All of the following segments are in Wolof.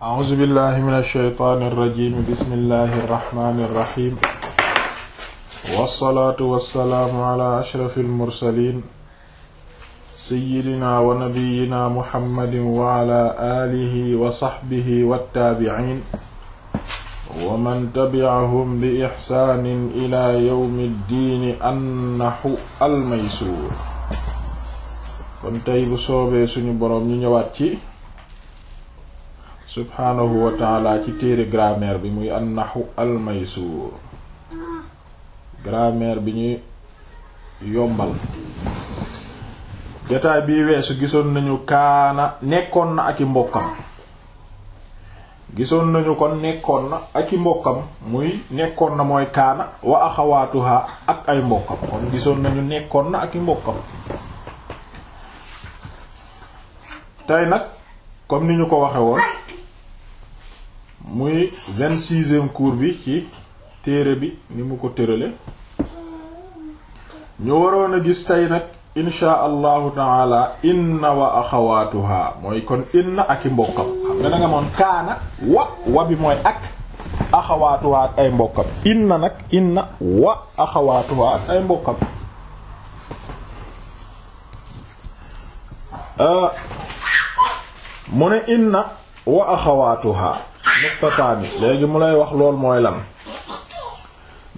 a'uuzu billahi min alsheytaani irrajim bismillahi irrahmani irrahim wassalaatu wassalaamu ala ashrafi almursalin seyidina wa nabiyina muhammadin wa ala aalihi wa saxbihi wattaabiciin wa man tabi'ahum bi ixsaanin ila yawmi ddiini annahu almaysuur kon tey bu soobee suñu boroom ñu ñëwaat ci subhaanahu wa taala ci téere grameer bi muy annahu almaysuur grammaire bi ñuy yombal jotaay bii weesu gisoon nañu kaana nekkoon na ak mbokkam gisoon nañu kon nekkoon na ak i mbokkam muy nekkoon na mooy kaana wa axawaatuha ak ay mbokkam kon gisoon nañu nekkoon na ak i mbokkam tey nag comme ni ñu ko waxe woon muy vingt-sixième cours bi ci téere bi ni mu ko tërale ñu waroon a gis tey nag insha allahu taala inna wa axawaatuha mooy kon inna ak i mbokkam xam nga da moon kaana wa wa bi mooy ak axawaatuha ak ay mbokkam inna nag inna wa euh, wa axawaatuha nuqtataani léegi mu lay wax lool mooy lan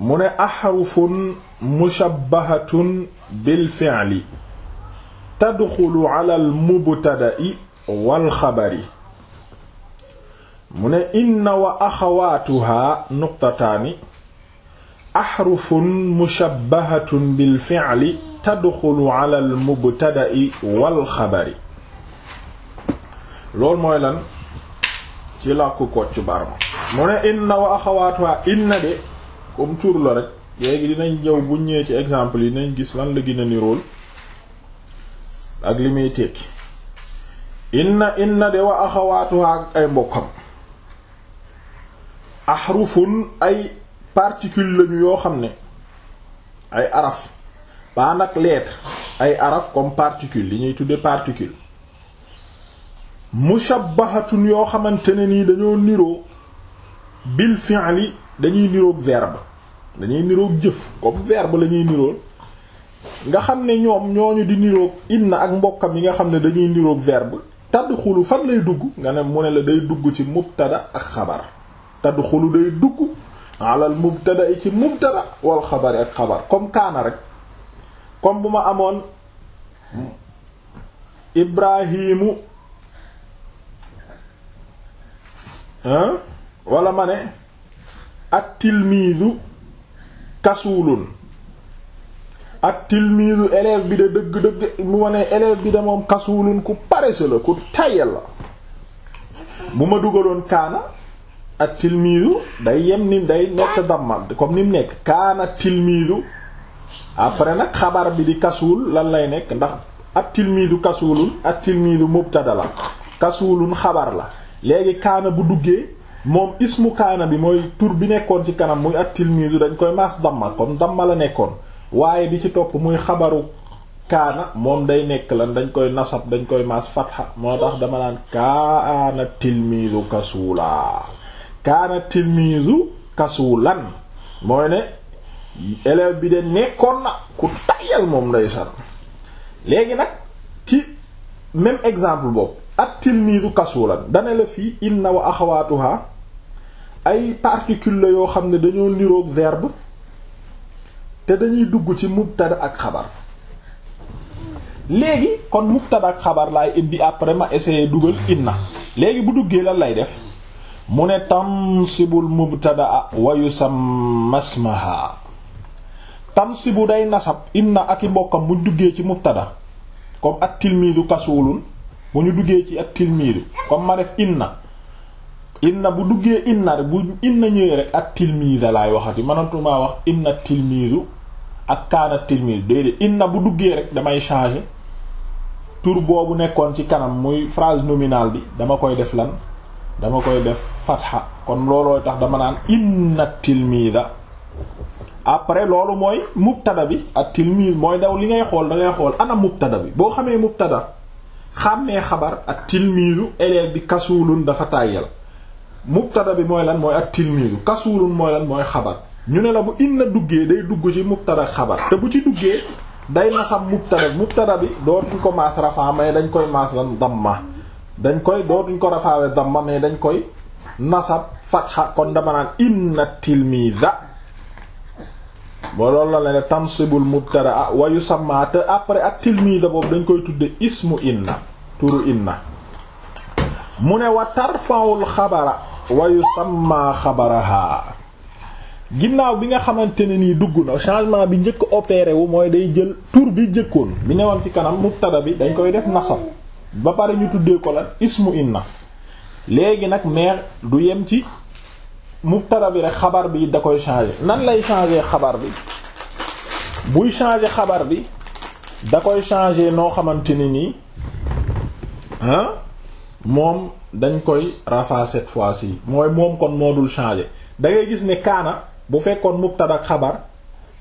mu ne axrufun mushabbahatun bil fi'li tadxulu ala al mubtada'i wal xabari mu ne inna wa axawaatuhaa nuqtataani axrufun mushabbahatun bil fi'li tadxulu ala al mubtada'i wal xabari lool mooy lan ci làkku kocc barma mu ne inna wa axawaatuha inna de comme tur rek léegi dinañ ñëw bu ñëwee ci exemple yi nañ gis lan la gën a nirool ak li muy tekki inna inna de wa axawaatuha ak ay mbokkam ahrufun ay particule lañu yoo xam ne ay araf baa nag lettre ay araf comme particule li ñuy tudde particule mushabbahatun yoo xamante ne nii dañoo niroo bil fi'li dañuy niroog verbe dañuy niroog jëf comme verbe la ñuy nirool nga xam ne ñoom ñooñu di niroog inna ak mbokkam yi nga xam ne dañuy niroog verbe tadxulu fan lay dugg nga ne mu ne la day dugg ci mubtada ak xabar tadxulu day dugg alal mubtada yi ci mubtada wal xabari ak xabar comme kaana rek comme bu ma amoon ibrahimu walla ma ne ak tilmiisu kasuulun ak tilmiisu élève bi de dëgg-dëgg mu ma ne élève bi de moom kasuulun ku paresseux la ku tayal la bu ma dugaloon kaana ak tilmiisu day yem ni day nekk damma comme ni mu nekk kaana tilmiisu après nag xabar bi di kasuwul lan lay nekk ndax ak tilmiisu kasuulun ak tilmiisu mubtada la kasuulun xabar la léegi kaana bu duggee moom ismu kaana bi mooy tur bi nekkoon ci kanam muy at-tilmizu dañ koy maas damma comme damma la nekkoon waaye bi ci topp muy xabaru kaana moom day nekk lan dañ koy nasab dañ koy maas fatxa moo tax dama naan kaana tilmizu kasuulaa kaana tilmizu kasuulan mooy ne élève bi de nekkoon na ku tayal moom nday san léegi nag ci même exemple boobu at-tilmiizu kasulan dane la fii inna wa axawaatuha ay particules la yoo xam ne dañoo niroog verbe te dañuy dugg ci mubtada ak xabar léegi kon mubtada ak xabar laay indi après ma essayer dugal inna léegi bu duggee lan lay def mu ne tansibul mubtadaa wa yusamma ismaha tansibu day nasab inna ak i mbokkam buñ duggee ci mubtada comme at-tilmiizu kasulun bu ñu duggee ci at-tilmiidu comme ma def inna inna bu duggee inna rek bu inna ñëwee rek at-tilmiida laay waxati mënatumaa wax inna at-tilmiidu ak kaana at-tilmiidu déedéet inna bu duggee rek damay changer tur boobu nekkoon ci kanam muy phrase nominal bi dama koy def lan dama koy def fatha kon loolooy tax dama naan inna at-tilmiida après loolu mooy mubtada bi at-tilmiid mooy daw li ngay xool da ngay xool ana mubtada bi boo xamee mubtada xàmmee xabar ak tilmiisu élève bi kasuulun dafa tàyyal mubtada bi mooy lan mooy ak tilmiisu kasuulun mooy lan mooy xabar ñu ne la bu inna duggee day dugg ci mubtada xabar te bu ci duggee day nasab mubtada mubtada bi dootuñ ko maas rafaa mais dañ koy maas lan ma dañ koy dootuñ ko rafaawe damma mais dañ koy nasab fatxa kon dama naan a tilmiisa moo loolu la ne tansibul mubtada ah, wa yusamma te après ak tilmida boobu dañ koy tudde ismu inna turu inna mu ne wa tarfa'ul xabara wa yusamma xabaraha ginnaaw bi nga xamante ne nii dugg na changement bi njëkk opéré wu mooy day jël tur bi njëkkoon bi newoon ci kanam mubtada bi dañ koy def nasab ba pare ñu tuddee ko la ismu inna léegi nag meer du yem ci mubtada bi rek xabar bi da koy changer nan lay changer xabar bi buy changer xabar bi da koy changer noo xamante ni nii ah moom dañ koy rafa cette fois-ci mooy moom kon moo dul changer da gis ne kaana bu fekkoon mubtada ak xabar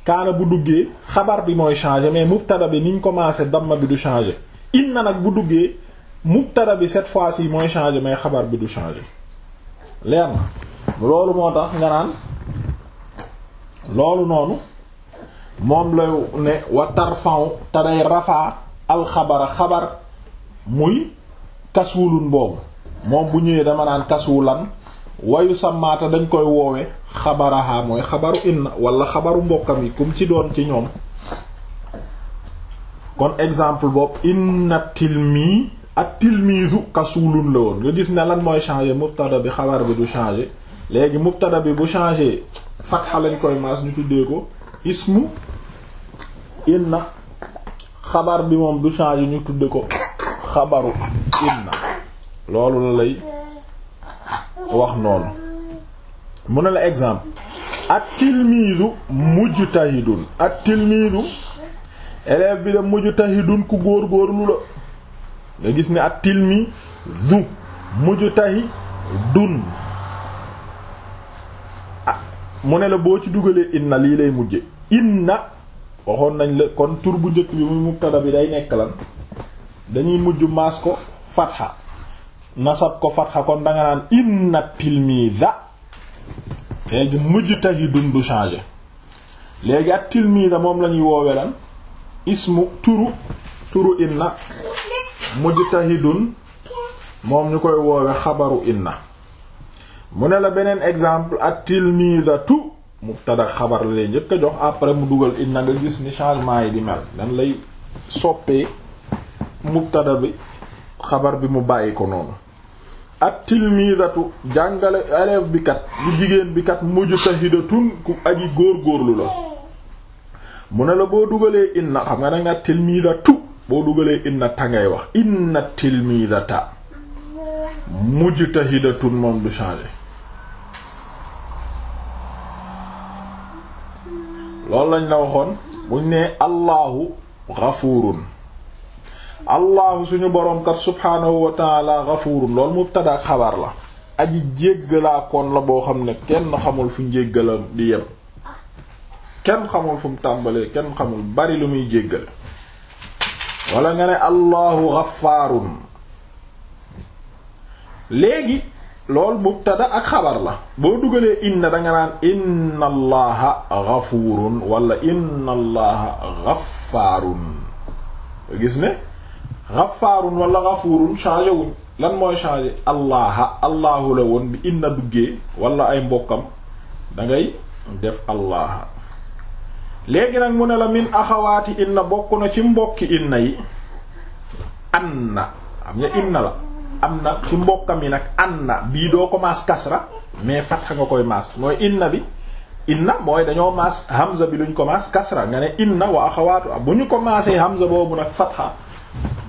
kaana bu duggee xabar bi mooy changer mais mubtada bi niñ commencé damma bi du changer inna nag bu duggee mubtada bi cette fois-ci mooy changer mais xabar bi du changer leer na loolu moo tax nga naan loolu noonu moom la ne wa te day rafaa alxabara xabar muy kaswulun boobu moom bu ñëwee dama naan kaswulan wayu samaata dañ koy woowe xabaraha mooy xabaru inna wala xabaru mbokkam yi kum ci doon ci ñoom kon exemple boobu inna tilmi ak tilmizu kasulun la woon nga gis ne lan mooy changer mubtada bi xabar bi du changer léegi mubtada bi bu changé fatxa lañ koy maas ñu tuddee ko ismu inna xabar bi moom du changé ñu tudde ko xabaru inna loolu la lay wax noonu mu ne la exemple at-tilmiidu mujtahidun ak tilmiidu élève bi de mujtahidun ku góorgóorlu la nga gis ni ak ne mujj tilmiidu dun mu ne la boo ci dugalee inna lii lay mujje inna waxoon nañ la kon tur bu njëkk bi muy mubtada bi day nekk lan dañuy mujj maas ko fatxa nasab ko fatxa kon danga naan inna tilmida léegi mujtahidun du changé léegi ak tilmida moom lañuy ñuy woowe lan ismu turu turu inna mujtahidun moom ñu koy woowe xabaru inna mu ne la beneen exemple at-tilmidatu mubtada xabar la lay njëkk a jox après mu dugal inna nga gis ni changement yi di mel dan lay soppee mubtada bi xabar bi mu bàyyi ko noonu ak tilmidatu jàngale élève bi kat bu jigéen bi kat mujtahidatun ku góor góorgóorlu la mu ne la boo dugalee inna xam nga danga at-tilmidatu boo dugalee inna ta ngay wax inna at-tilmidata mujtahidatun moom du changer loolu lañ la waxoon buñ ne allahu ghafuurun allahu suñu boroom kat subhaanahu wa taala ghafuurun loolu mubtada ak xabaar la aji jéggalaakoon la boo xam ne kenn xamul fu njéggalam di yem kenn xamul fu tàmbalee kenn xamul bari lu muy jéggale wala nga ne allahu ghafaarun léegi lool mubtada ak xabar la boo dugalee inna danga naan inna allaha ghafuurun wala inna allaha ghaffaarun nga gis ne ghaffaarun wala ghafuurun changé wuñ lan mooy changé allaha allahu la woon bi inna duggee walla ay mbokkam dangay def allaha léegi nag mu ne la min axawaati inna bokk na ci mbokki inna yi anna am nga inna la am na ci mbokkam yi nag anna bii doo ko maas kasra mais fatha nga koy maas mooy inna bi inna mooy dañoo maas hamza bi luñ ko maas kasra nga ne inna wa axawaatu bu ñu ko maasee hamza boobu nag fatha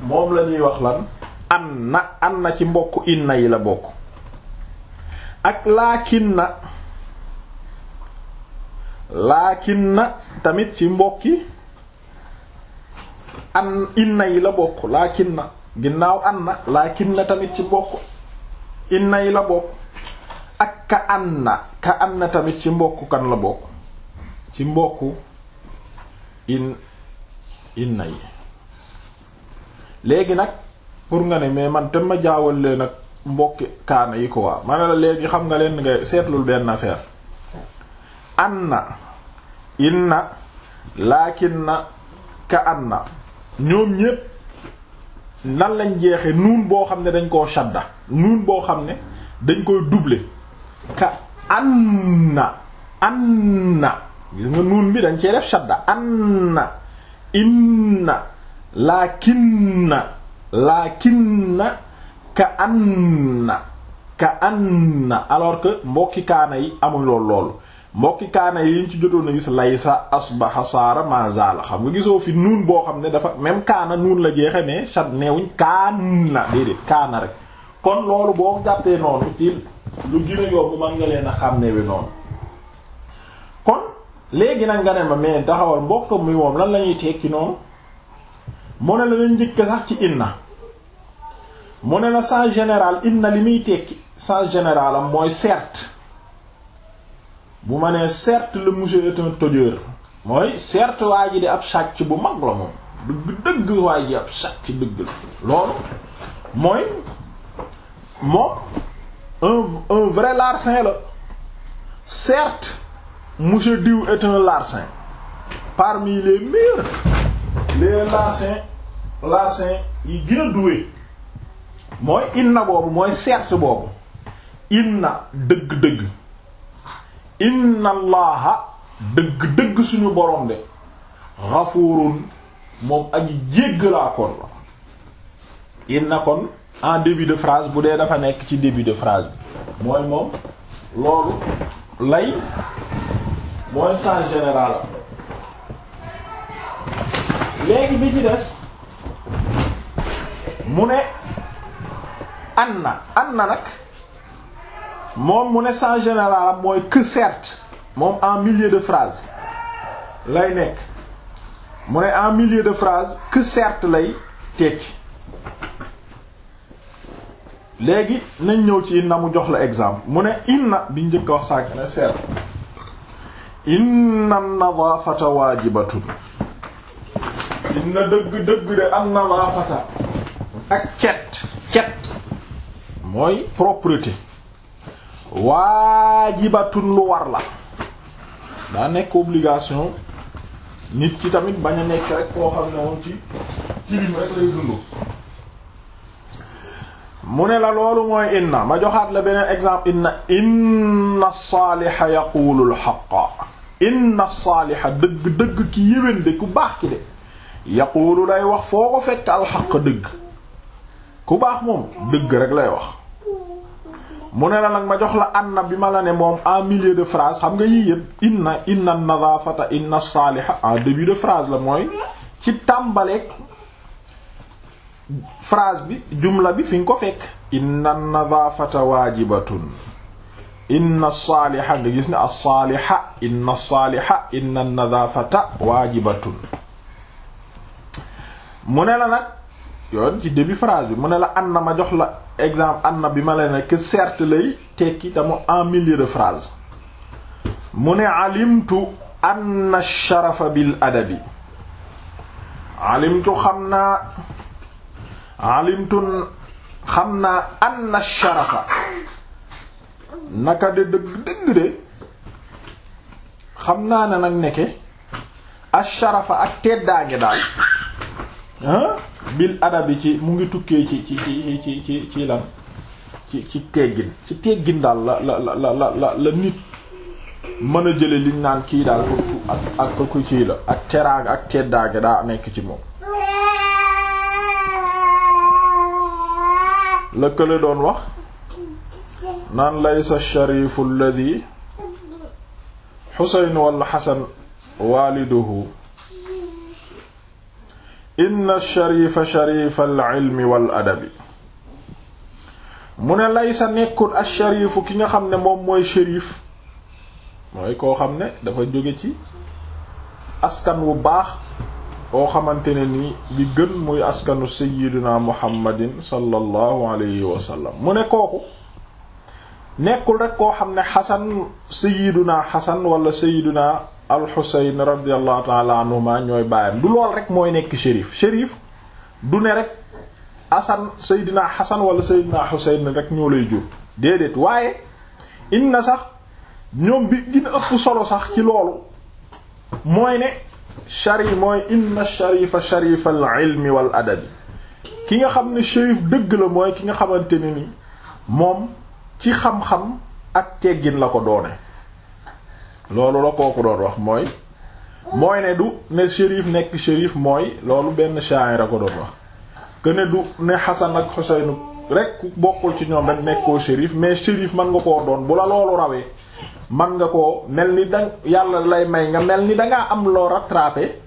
moom la ñuy wax lan anna anna ci mbokk inna yi la bokk ak laakinna na tamit ci mbokki an inna yi la bokk laakinna ginnaaw anna laakin na tamit ci bokk inna yi la bokk ak ka anna ka anna tamit ci mbokk kan la bokk ci mbokk in inna yi léegi nag pour nga ne mais man te ma jaawal leen nag mbokki kaana yi ko waa ma ne la léegi xam nga leen nga seetlul benn affaire anna inna laakin na ka anna ñoom ñépp nan lañ jeexe nuun boo xam ne dañ koo shadda nuun boo xam ne dañ koy doubler ka anna anna gis nga nuun bi dañ cee def shadda anna inna laakinna laakinna ka anna ka anna alors que mbokki kaana yi amuloo lool loolu mbokki kaana yi ñu ci jotoon a gis laysa asbaha saara la xam nga gisoo fi nuun boo xam ne dafa même kaana nuun la jeexe mais chat neewuñ kaan la déedéet kaana rek kon loolu boo jàttee noonu ci lu gën a yomb mën nga leen a noonu kon léegi nag nga ne ma mais taxawal mbokk mi moom lan la ñuy tekki noonu mu ne la lañ njëkk sax ci inna mu ne la sens général inna li muy tekki sens général am mooy certes bu ma nee certes la monsieur est un tailleur mooy certes waa ji di ab sàcc bu mag la moom dëgg dëgg waa ji ab sàcc dëgg la loolu mooy moom un un vrai larcin la certes monsieur diw est un larcin parmi les meilleurs les larcins larcins yi gën a doué mooy inna boobu mooy certes boobu inna dëgg-dëgg inna allaha dëgg-dëgg suñu borom de ghafurun moom ak jéggalaa koon la inna kon en début de phrase bu dee dafa nekk ci début de phrase bi mooy moom loolu lay mooy sens général léegi bi ci des mu ne anna anna nag moom mu ne sens général mooy que certes moom en millier de frase lay nekk mu ne en milieu de frase que certes lay tekki léegi nañ ñëw ci inna mu jox la exemple mu ne na bi njëkk a wax sànq ne certes inna nadaafata waajibatun inna dëgg dëgg de an nadaafata ak cet cet mooy propreté waajibatu lu war la daa nekk obligation nit ki tamit bañ a nekk rek koo xam ne moom ci tilim rek lay dund mu ne la loolu mooy inna ma joxaat la beneen exemple inna inna saaliha yaqulu alxaqa inna saaliha dëgg dëgg ki yéwén de ku baax ki de yaqulu day wax foo ko fekk alxaq dëgg ku baax moom dëgg rek lay wax mu ne la nag ma jox la anna bi ma la ne moom en milieu de phrase xam nga yii yëpp inna inna nadafata inna saaliha en début de phrase la mooy ci tàmbaleeg phrase bi jumla bi fi nga ko fekk inna nadafata waajibatun inna saaliha nga gis ne as-saaliha inna saaliha inna nadafata waajibatun mu ne la nag yoon ci début phrase bi mu ne la anna ma jox la exemple anna bi ma la ne que certes lay tekki dama en milieu de phrase mu ne alimtu anna sharafa bil adabi alimtu xam naa alimtu xam naa anna sharafa naka de dëgg dëgg de xam naa ne nag nekke asharafa ak teddaange daal bil adabi ci mu ngi tukkee ci ci ci ci ci ci lan ci ci teggin ci teggin daal la la la la nit mën a jële liñ naan kii daal ak ak ku kii la ak teraanga ak teddaage daa nekk ci moom la kële doon wax naan laysa sharifu alladhi Xuseyn wala Xasan waaliduhu inna sharifa sharifa al-ilmi wal adabi mu ne laysa nekkul asharifu ki nga xam ne moom mooy shérif mooy koo xam ne dafa jóge ci askan wu baax koo xamante ne ni bi gën muy askanu sayyidina muhammadin sallallahu alayhi wa sallam mu ne kooku nekkul rek koo xam ne xasan sayyidina xasan wala sayyidina alxuseyn radiallahu taala anhuma ñooy baayam du lool rek mooy nekk shérif shérif du ne rek asan seydina xasan wala seydina xuseyn rek ñoo lay jur déedéet waaye inna sax ñoom bi gën a ëpp solo sax ci loolu mooy ne shari mooy inna sharifa sharifa al ilmi wal adabi ki nga xam ne shérif dëgg la mooy ki nga xamante ne ni moom ci xam-xam ak teggin la ko doone loolu la kooku doon wax mooy mooy ne du ne shérif nekk shérif mooy loolu benn sha'ir a ko doon wax que ne du ne Hasan ak Husayn rek bokkul ci ñoom rek nekkoo shérif mais shérif mën nga koo doon bu la loolu rawee mën nga koo mel ni da yàlla lay may nga mel ni dangaa am loo rattrapé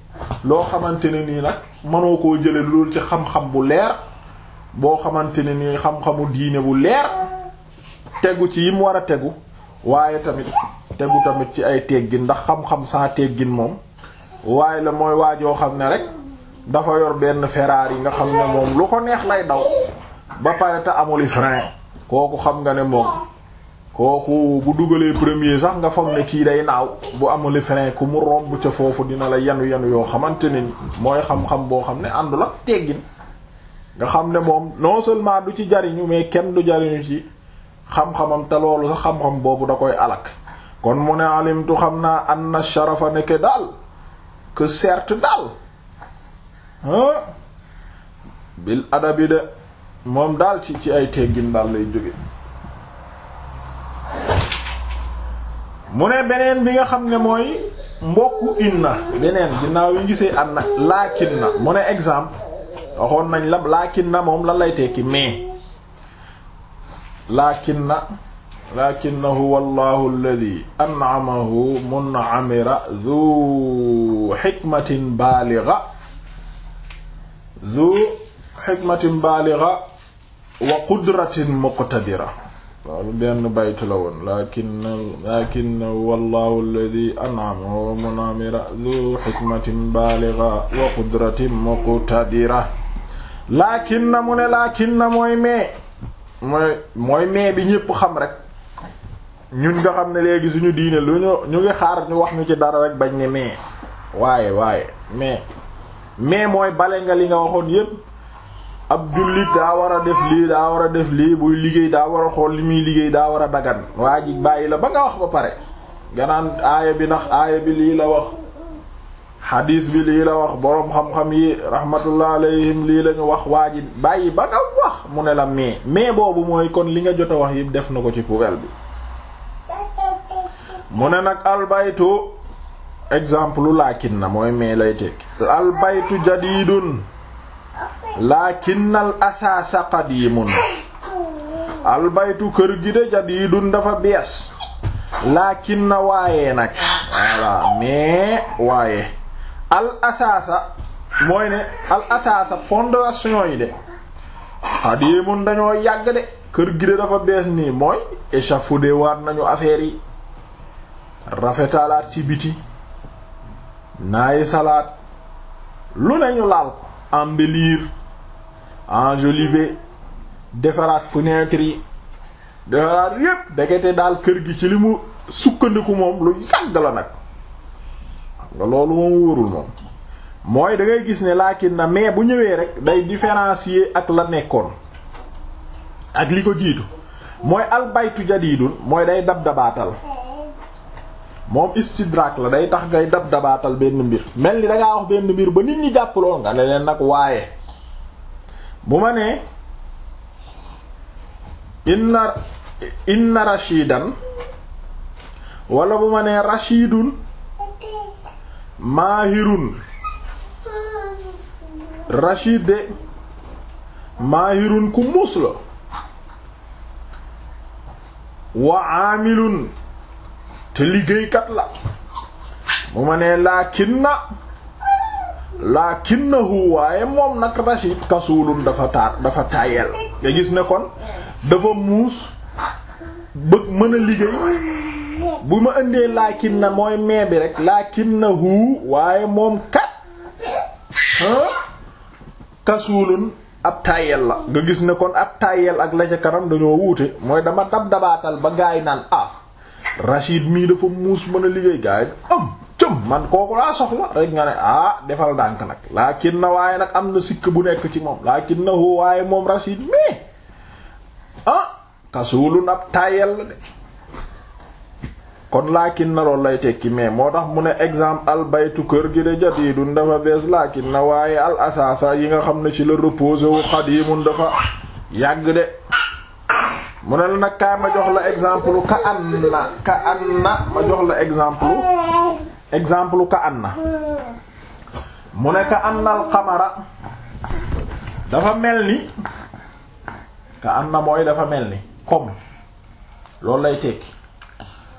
loo xamante ne nii nag mënoo ko jële loolu ci xam-xam bu leer boo xamante ne nii xam-xamu diine bu leer tegu ci yim war a tegu waaye tamit te tegu tamit ci ay teggin ndax xam-xam sans teggin moom waaye la mooy waajoo xam ne rek dafa yor benn Ferrari yi nga xam ne moom lu ko neex lay daw ba pare te amul frein kooku xam nga ne moom kooku bu dugalee premier sax nga foog ne kii day naaw bu amul frein ku mu romb ca foofu dina la yenu yenu yoo xamante ne mooy xam-xam boo xam ne àndul ak teggin nga xam ne moom non seulement du ci jariñu mais kenn du jariñu ci xam-xamam te loolu sax xam-xam boobu da koy alak kon mu ne alimtu xam naa anna sharafa nekke daal que certes daal bil adabi de moom daal ci ci ay teggin daal lay jóge mu ne beneen bi nga xam ne mooy mbokku inna beneen ginnaaw yi gisee anna laakin na mu ne exemple waxoon nañ la laakin na moom lan lay tekki mais laakin na lakinnahu wallahu alladi an'amahu mun'amira zu xikmatin baaliga zu xikmatin baaliga wa qudratin muqtadira loolu benn baytu la woon lakin lakinnahu wallahu alladi an'amahu mun'amira zu xikmatin baaliga wa qudratin muqtadira lakin na mu ne lakin na mooy mee mooy mooy mee bi ñépp xam rek ñun nga xam ne léegi suñu diine lu ñu ñu ngi xaar ñu wax ñu ci dara rek bañ ne mais waaye waaye mais mais mooy bale nga li nga waxoon yépp ab jullit daa war a def lii daa war a def lii buy liggéey daa war a xool li muy liggéey daa war a dagan waa ji bàyyi la ba nga wax ba pare ganaan aaya bi ndax aaya bi lii la wax xadiis bi lii la wax boroom xam-xam yi rahmatullah alayhim lii la ñu wax waa ji bàyyi ba nga wax mu ne la mais mais boobu mooy kon li nga jot wax yépp def na ko ci poubelle bi mu ne nag albaytu exemple laakin na mooy mais lay tekki albaytu jadidun laakinnal asaasa qadimun albaytu kër gi de jadidun dafa bees laakin na waaye nag voilà mais waaye al asaasa mooy ne al asaasa fondation yi de qadimun dañoo yàgg de kër gi de dafa bees nii mooy échafaudé nañu affaire yi rafetalaat ci biti naayi salaat lu ne ñu laal ko embellir enjoliver defaraat fenêtre yi defaraat yépp degete daal kër gi ci li mu sukkandiku moom lu yàgg la nag nga loolu moom wóorul moom mooy da gis ne laakin na mais bu ñëwee rek day différencier ak la nekkoon ak li ko jiitu mooy albaytu jadiidun mooy day dab dabaatal moom istidraak la day tax ngay dab dabaatal benn mbir mel ni dangaa wax benn mbir ba nit ñi jàpp lool nga ne leen nag waaye bu ma nee inna rashidan wala bu ma nee rashidun maahirun rashid de ku muus la wa aamilun te liggéeykat la bu ma nee laakinna laakinnahu waaye moom nag Rashid kasulun dafa taar dafa tayel gis ne kon dafa muus bëgg mën ma indee laakinna mooy mee bi rek laakinnahu waaye moom kat ab tayel la nga gis ne kon ab tayel ak la ca kanam dañoo wuute mooy dama dab dabaatal ba gaay naan ah Rachid mii dafa muus mën a liggéey gars yi am cëm man kooku laa soxla rek nga ne ah defal dànk nag laakin na waaye nag am na sikk bu nekk ci moom laakin na hu waaye moom Rachid mii ah kasuulun ab tayel la de kon laakin na loolu lay tekki mais moo tax mu ne exemple al baytu kër gi de jadiidun dafa bees laakin na waaye al asaasa yi nga xam ne ci la reposé wu xadiimun dafa yàgg de mu ne la nag kaay ma jox la exemple ka anna ka anna ma jox la exemple exemple ka anna mu ne ka annal xamara dafa mel ni ka anna mooy dafa mel ni comme loolu lay tekki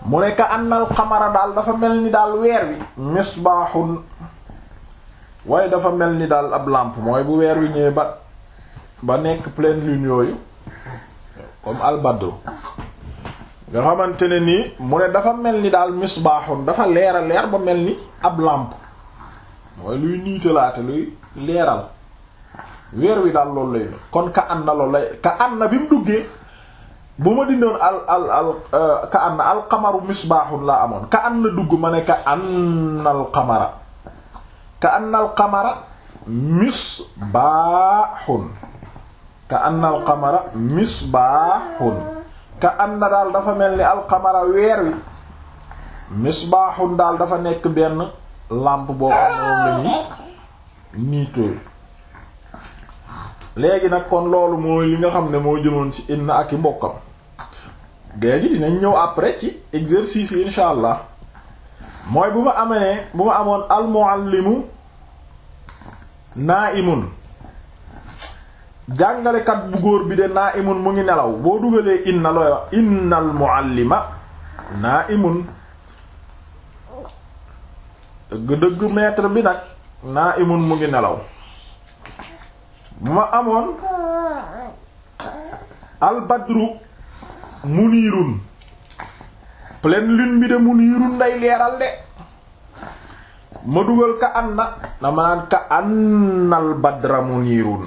mu ne ka xamara daal dafa mel ni daal weer wi misbaaxun waaye dafa mel ni daal ab làmp mooy bu weer wi ñëwee ba ba nekk pleine lune yooyu comme albadru nga xamante ne nii mu ne dafa mel ni daal misbaaxun dafa leer leer ba mel ni ab làmp mooy luy niitalaate luy leeral weer wi daal loolu lay kon ka an na loolu lay ka an na bi mu duggee bu ma dindoon al al al euh, ka an na alxamaru misbaaxun laa amoon ka an na dugg ma ne ka an na alxamara ka an na alxamara misbaaxun ka anna alqamara misbaaxun ka anna daal dafa mel ni alqamara weer wi misbaaxun daal dafa nekk benn lampe boo xam ne niitooy léegi nag kon loolu mooy li nga xam ne moo jëmoon ci inna ak i mbokkam léegi dinañ ñëw après ci exercice yi allah mooy bu ma amee bu ma amoon almuallimu naimun jàngalekat bu góor bi de naa imun mu ngi nelaw boo dugalee inna looy wax innal muallima naa imun dëgg-dëgg maître bi nag naa imun mu ngi nelaw bu ma amoon albadru muniirun pleine lune bi de muniirun day leeral de ma dugal ka anna na ma naan ka annal badra muniirun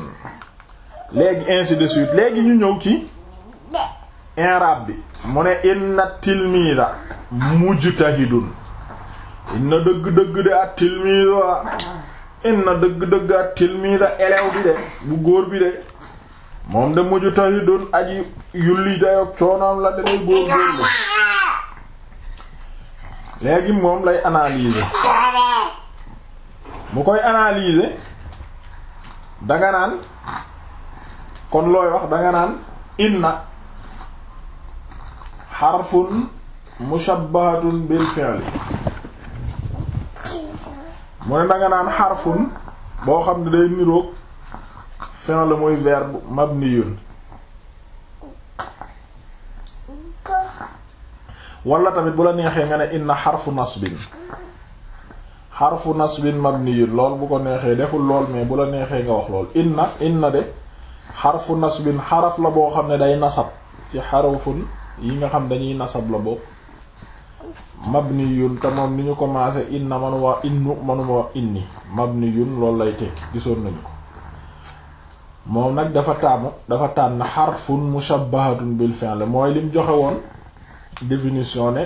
léegi ainsi de suite léegi ñu ñëw ci inrab bi mu ne inna mujj mujtahidun inna dëgg-dëgg de at tilmida inna dëgg-dëgg bi de bu góor bi de moom de mujtahidun aji yulli dayoog coonoom la damay góor góor léegi moom lay analyser mu koy analyser danga naan kon looy wax danga naan inna xarfun mushabbahatun bil fi'li mu ne danga naan xarfun boo xam ne day niroog fi'l muy verbe mabniyun wala tamit bu la neexee nga ne inna xarfu nasbin xarfu nasbin mabniyun lool bu ko neexee deful lool mais bu la neexee nga wax lool inna inna de xarfu nasbin xaraf la boo xam ne day nasab ci xarafun yi nga xam dañuy nasab la bopp mabniyun te moom ni ñu commencé inna manu waa innu manuma wax inni loolu lay tekki gisoon nañu ko moom nag dafa taamu dafa tànn xarfun mushabbahatun bil fi'l mooy lim joxe woon définition ne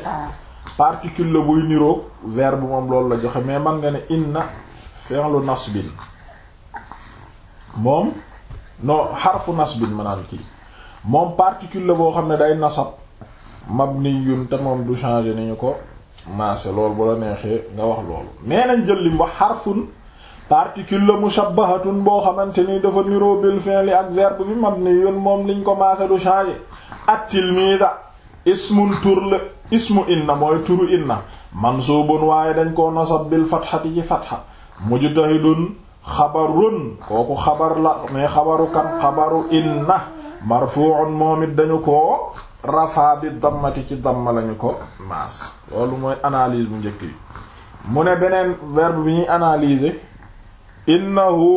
particule la buy niroog verbe moom loolu la joxe mais man nga ne inna fi'lu nasbin moom non xarfu nasbin ma naan kii moom particule la boo xam ne day nasab mabniyun te moom du changer ni ko maase loolu bu la neexee nga wax loolu nee nañ jël lim wax xarfun particule la mu mushabbahatun boo xamante ni dafa niroo bil fi'li ak verbe bi mabniyun moom liñ ko maase du changer at-tilmiza ismun tur la ismu inna mooy turu inna mansubun waaye dañ koo nasab bil fathati ci fatha mujtahidun xabarun kooku xabar la mais xabaru kan xabaru inna marfu'un moom it dañu ko rafaa bi dammati ci damma lañu ko maas loolu mooy analyse bu njëkk yi mu ne beneen verbe bi ñuy analise innahu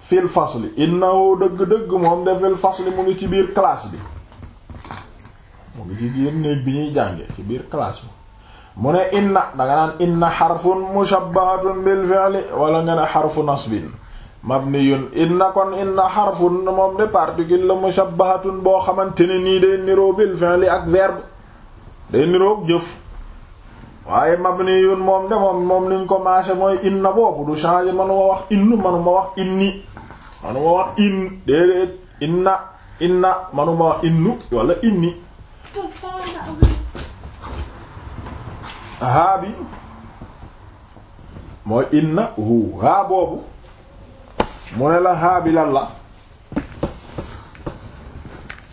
fil fasli innahu dëgg-dëgg moom de fil fasli mu ngi ci biir classe bi mu ngi ci biir néeg bi ñuy jànge ci biir classe bi mu ne inna danga naan inna xarfun mushabbahatun bil fi'li wala nga ne xarfu nasbin mabniyun inna kon inna xarfun moom de particule la mushabbahatun boo xamante ne nii day niroo bil fi'li ak verbe day niroog jëf waaye mabniyun moom de moom moom ko maase mooy inna boobu du changer manuma wax innu manuma wax inni manuma wax in déedéet inna inna manuma wax innu wala inni haa bi mooy inna hu haa boobu mu ne la haa bi la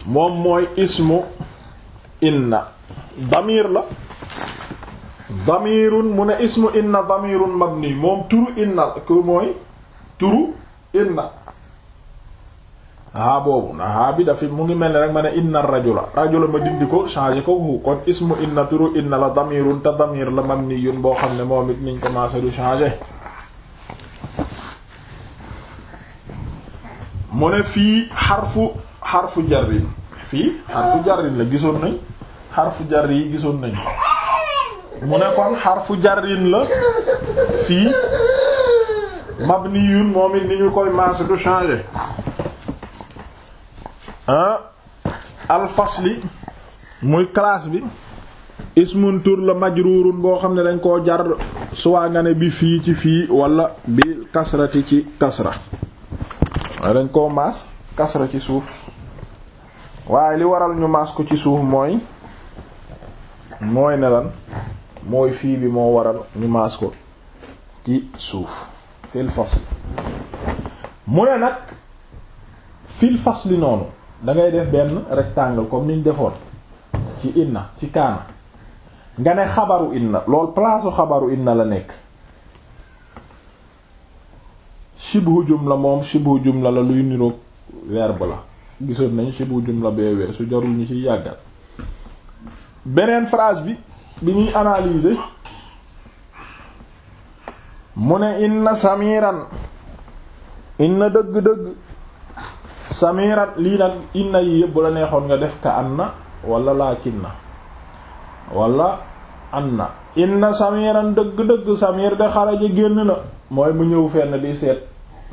moom mooy ismu inna damir la damirun moom turu inna ko mooy turu inna haa boobu na haa bi dafi mu ngi mel ni rek ma ne inna rajula la ma dindi ko changé ko hu kon ismu inna turu inna la damirun te damir la mabniyun boo xam ne moom it niñ commencé du changé mu xarfu xarfu jarrin fii xarfu jarrin la gisoon nañ xarfu jar yi gisoon nañ mu ne xarfu jarrin la fii mabniyun moom it ni ñu koy commencé du changé alfasli muy classe bi ismun la la majrurun boo xam ne dañ koo jar suwaa nga ne bi fii ci fii walla bi kasrati ci kasra waaye dañ koo maas kasra ci suuf waaye li waral ñu maas ko ci suuf mooy mooy ne mooy fii bi moo waral ñu maas ko ci suuf fil fasl mu ne nag fil fasli noonu da ngay def benn rectangle comme niñ defoon ci inna ci kaana nga ne xabaru inna lool place xabaru inna la nekk shibhu jumla moom shibhu jumla la luy niroog verbe la gisoon nañ shibhu jumla bee weesu jarul ñu ci yàggal beneen phrase bi bi ñuy analyser mu ne inna samiran inna dëgg-dëgg samirat lii nag inna yi yëpp la neexoon nga def ka anna wala laakinna wala anna inna samiran dëgg-dëgg samir de xaraja génn na mooy mu ñëw fenn di seet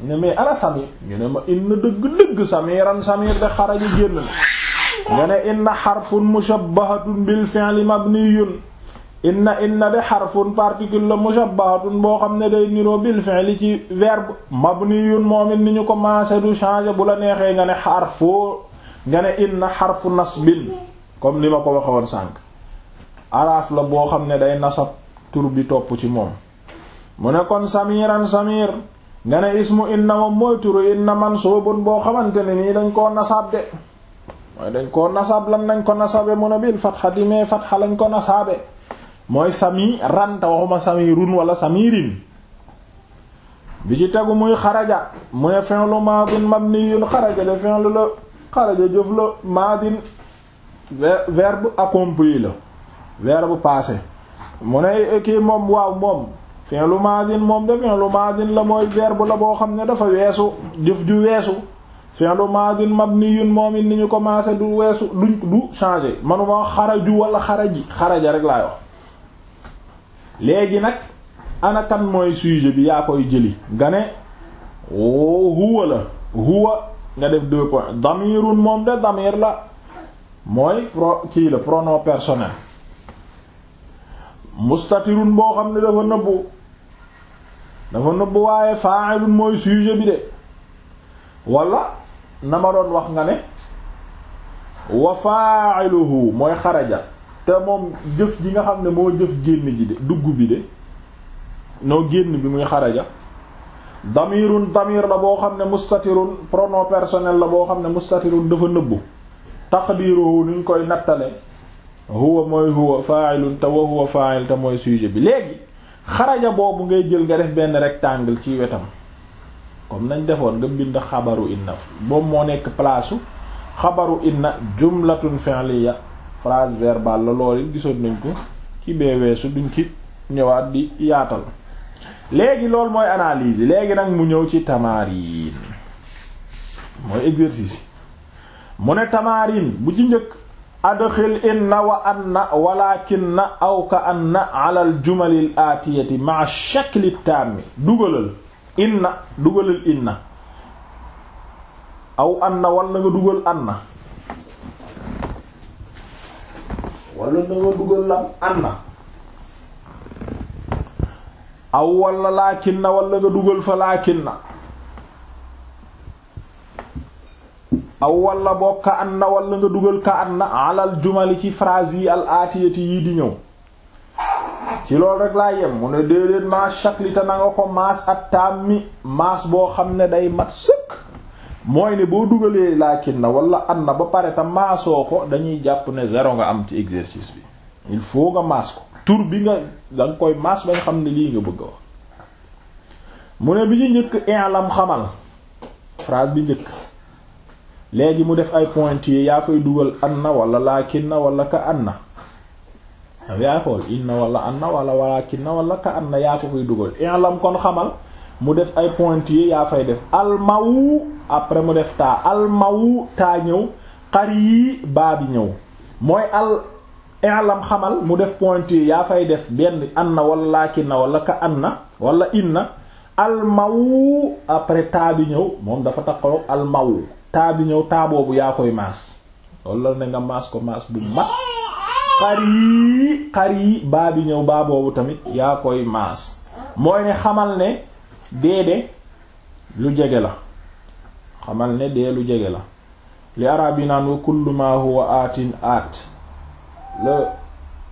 ne mais ana samir ñu ne ma inna dëgg-dëgg samiran samir de xaraja génn na nga ne inna xarfun mushabbahatun bil fi'li mabniyun inna inna de xarfun particule la mushabbahatun boo xam ne day niroo bil fi'li ci verbe mabniyun moom it ni ñu ko maase du changer bu la neexee nga ne xarfoo nga ne inna xarfu nasbin comme li ma ko waxe woon sànq araaf la boo xam ne day nasab tur bi topp ci moom mu ne kon samiran samir nga ne ismu inna moom mooy turu inna mansubun boo xamante ne nii dañ koo nasab de mooy dañ koo nasab lan nañ ko nasabe mu ne bil fatxati mais fatxa lañ ko nasabe mooy sami ran te waxuma samirun wala samirin bi ci tegu muy xaraja mu ne fi'lu maadin mabniyun xaraja de fi'lu la xaraja jëf la maadin verbe accompli la verbe passé mu ne kii moom waaw moom lu maadin moom de fi'lu maadin la mooy verbe la boo xam ne dafa weesu jëf ju weesu lu maadin mabniyun moom it ni ñu commencé du weesu du du changé manuma xaraju wala xaraji xaraja rek laay wax léegi nag ana kan mooy sujet bi yaa koy jëli nga ne huwa la huwa nga def deux points damirun moom de damir la mooy pro kii la pronom personnel mustatirun boo xam ne dafa nëbbu dafa nëbbu waaye fa'ilun mooy sujet bi de wala na ma doon wax nga ne wa fa'iluhu mooy xaraja te moom jëf ji nga xam ne moo jëf génn ji de dugg bi de noo génn bi muy xaraja damirun damir la boo xam ne mustatirun pronom personnel la boo xam ne mustatirun dafa nëbbu taqdiruhu nuñ koy nattale huwa mooy huwa fa'ilun te huwa fa'il te mooy sujet bi léegi xaraja boobu ngay jël nga def benn rectangle ci wetam comme nañ defoon nga bind xabaru inna boobu moo nekk palaasu xabaru inna jumlatun fi'liya phrase verbale la loolu gisoon nañ ko ci bee weesu duñ ci ñëwaat di yaatal léegi loolu mooy analyse léegi nag mu ñëw ci tamarin mooy exercice yi mu ne tamarin bu ci njëkk adxil inna wa anna walakinna aw ka anna ala al jumalil aatiyati maa shakli tammi dugalal inna dugalal inna aw nga dugal anna wala na nga dugal lam anna aw wala laakin na wala nga dugal fa laakin na aw wala boo ka anna wala nga dugal ka anna alal jumali ci phrase yi al aatiyati yi di ñëw ci loolu rek laa yem mu ne déedéet maas chaklita na nga ko maas at taam maas boo xam ne day mat sëkk mooy ne boo dugalee laakin na walla an na ba pare tam maasoo ko dañuy jàpp ne zéro nga am ci exercice bi il faut nga maas ko tur bi nga da koy maas ba nga xam ne lii nga bëgg a mu ne bi ñu njëkk i'lam xamal phrase bi njëkk léegi mu def ay pointillés yaa fay dugal an na wala laakin na wala ka an na yow xool inna na wala walaakin wala ka an na yaa ko fay dugal i'lam kon xamal mu def ay pointillés yaa fay def almawu après mu def taa almawu taa ñëw xar baa bi ñëw mooy al i'lam xamal mu def point yaa fay def benn anna wala laakinna wala ka anna wala inna almawu après taa bi ñëw moom dafa taxaw almawu taa bi ñëw taa boobu yaa koy maas wala ne nga maas ko maas bu mat xar yii baa bi ñëw baa boobu tamit yaa koy maas mooy ne xamal ne déedéet lu jege la xamal ne dee lu jege la li arab yi naan wa kullu ma huwa aatin aat la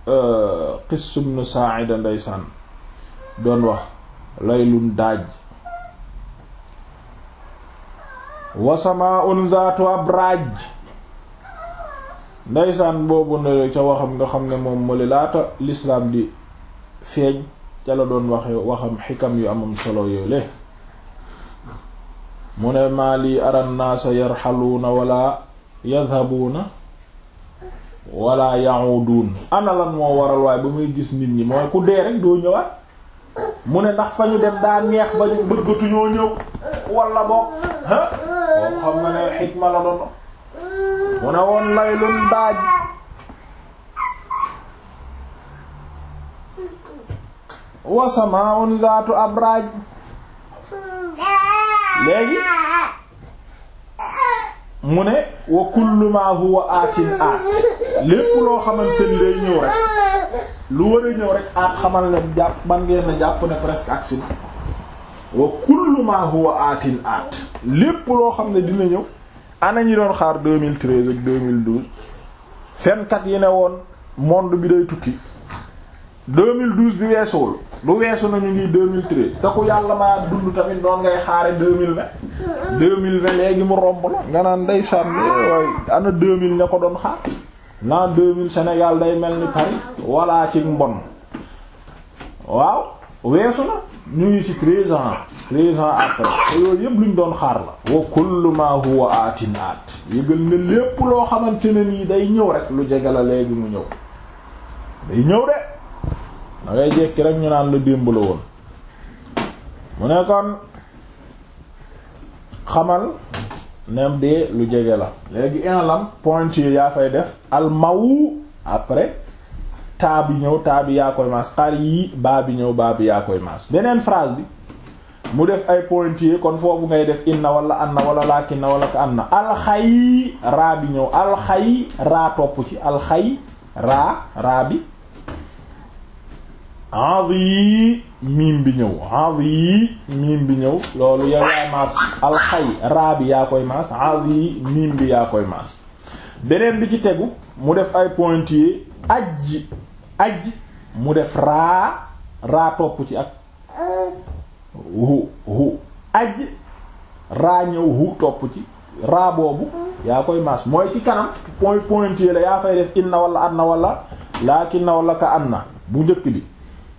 euh, Qiss ibn Sa'id ndeysaan doon wax laylun daaj wa samaa'un zaatu abraaj ndeysaan boobu ne ca waxam nga xam ne moom mali laata lislaam di feeñ ca la doon waxe waxam xikam yu amam solo yooyu le mu ne maa lii ara yarxaluuna wala yadhabuuna wala ya'udun ana moo waral waaye ba muy gis nit ñi mooy ku dee rek doo ñëwaat mu ne ndax fa ñu dem daa neex ba ñu bëggatuñoo ñëw wala boog ah boo xam nga ne xikma la doon mu ne woon laylun daaj wa samaa'un zaatu abraaj léegi mu ne wa kullu ma huwa aatin aat lépp loo xamante ni day ñëw rek lu war a ñëw rek aat xamal ne jàpp man ngeen na jàpp ne presque agsi na wa kullu ma aatin aat lépp loo xam ne dina ñëw ana ñi doon xaar 2013 ak 2012 fenkat yi ne woon monde bi day tukki 2012 bi weesuwul lu weesu nañu ngi 2013 te ku yàlla maa dund tamit noonu ngay xaare 2020 2020 léegi mu romb la nga naan day sànni waaye nga ko doon xaar l'an mil Sénégal day mel ni Paris walla ci mbon waaw weesu na ñu ngi ci 13 ans 13 ans après te yooyu yëpp luñ doon xaar la. wa kullu ma huwa aatin aat yëgal ne lépp loo xamante ne nii day ñëw rek lu jege la léegi mu ñëw day ñëw de. da ngay jekki rek ñu naan la démb la woon mu ne kon xamal nem dee lu jege la léegi inlam point yaa fay def al mawu après taa ñëw taa bi yaa koy maas xar yi baa bi ñëw baa bi yaa koy maas beneen phrase bi mu def ay point kon foofu ngay def inna wala anna wala lakinna wala ka anna alxay raa bi ñëw alxay raa topp ci alxay raa raa bi envi yi miim bi ñëw envi yi miim bi ñëw loolu yow alxay raa bi yaa koy maas envi yi miim bi yaa koy maas beneen bi ci tegu mu def ay pointillés ajj ajj mu def raa raa topp ci ak hu hu ajj raa ñëw hu topp ci raa boobu yaa koy maas mooy ci kanam point pointillé la yaa fay def inna wala anna wala laakin na wala ka anna bu njëkk bi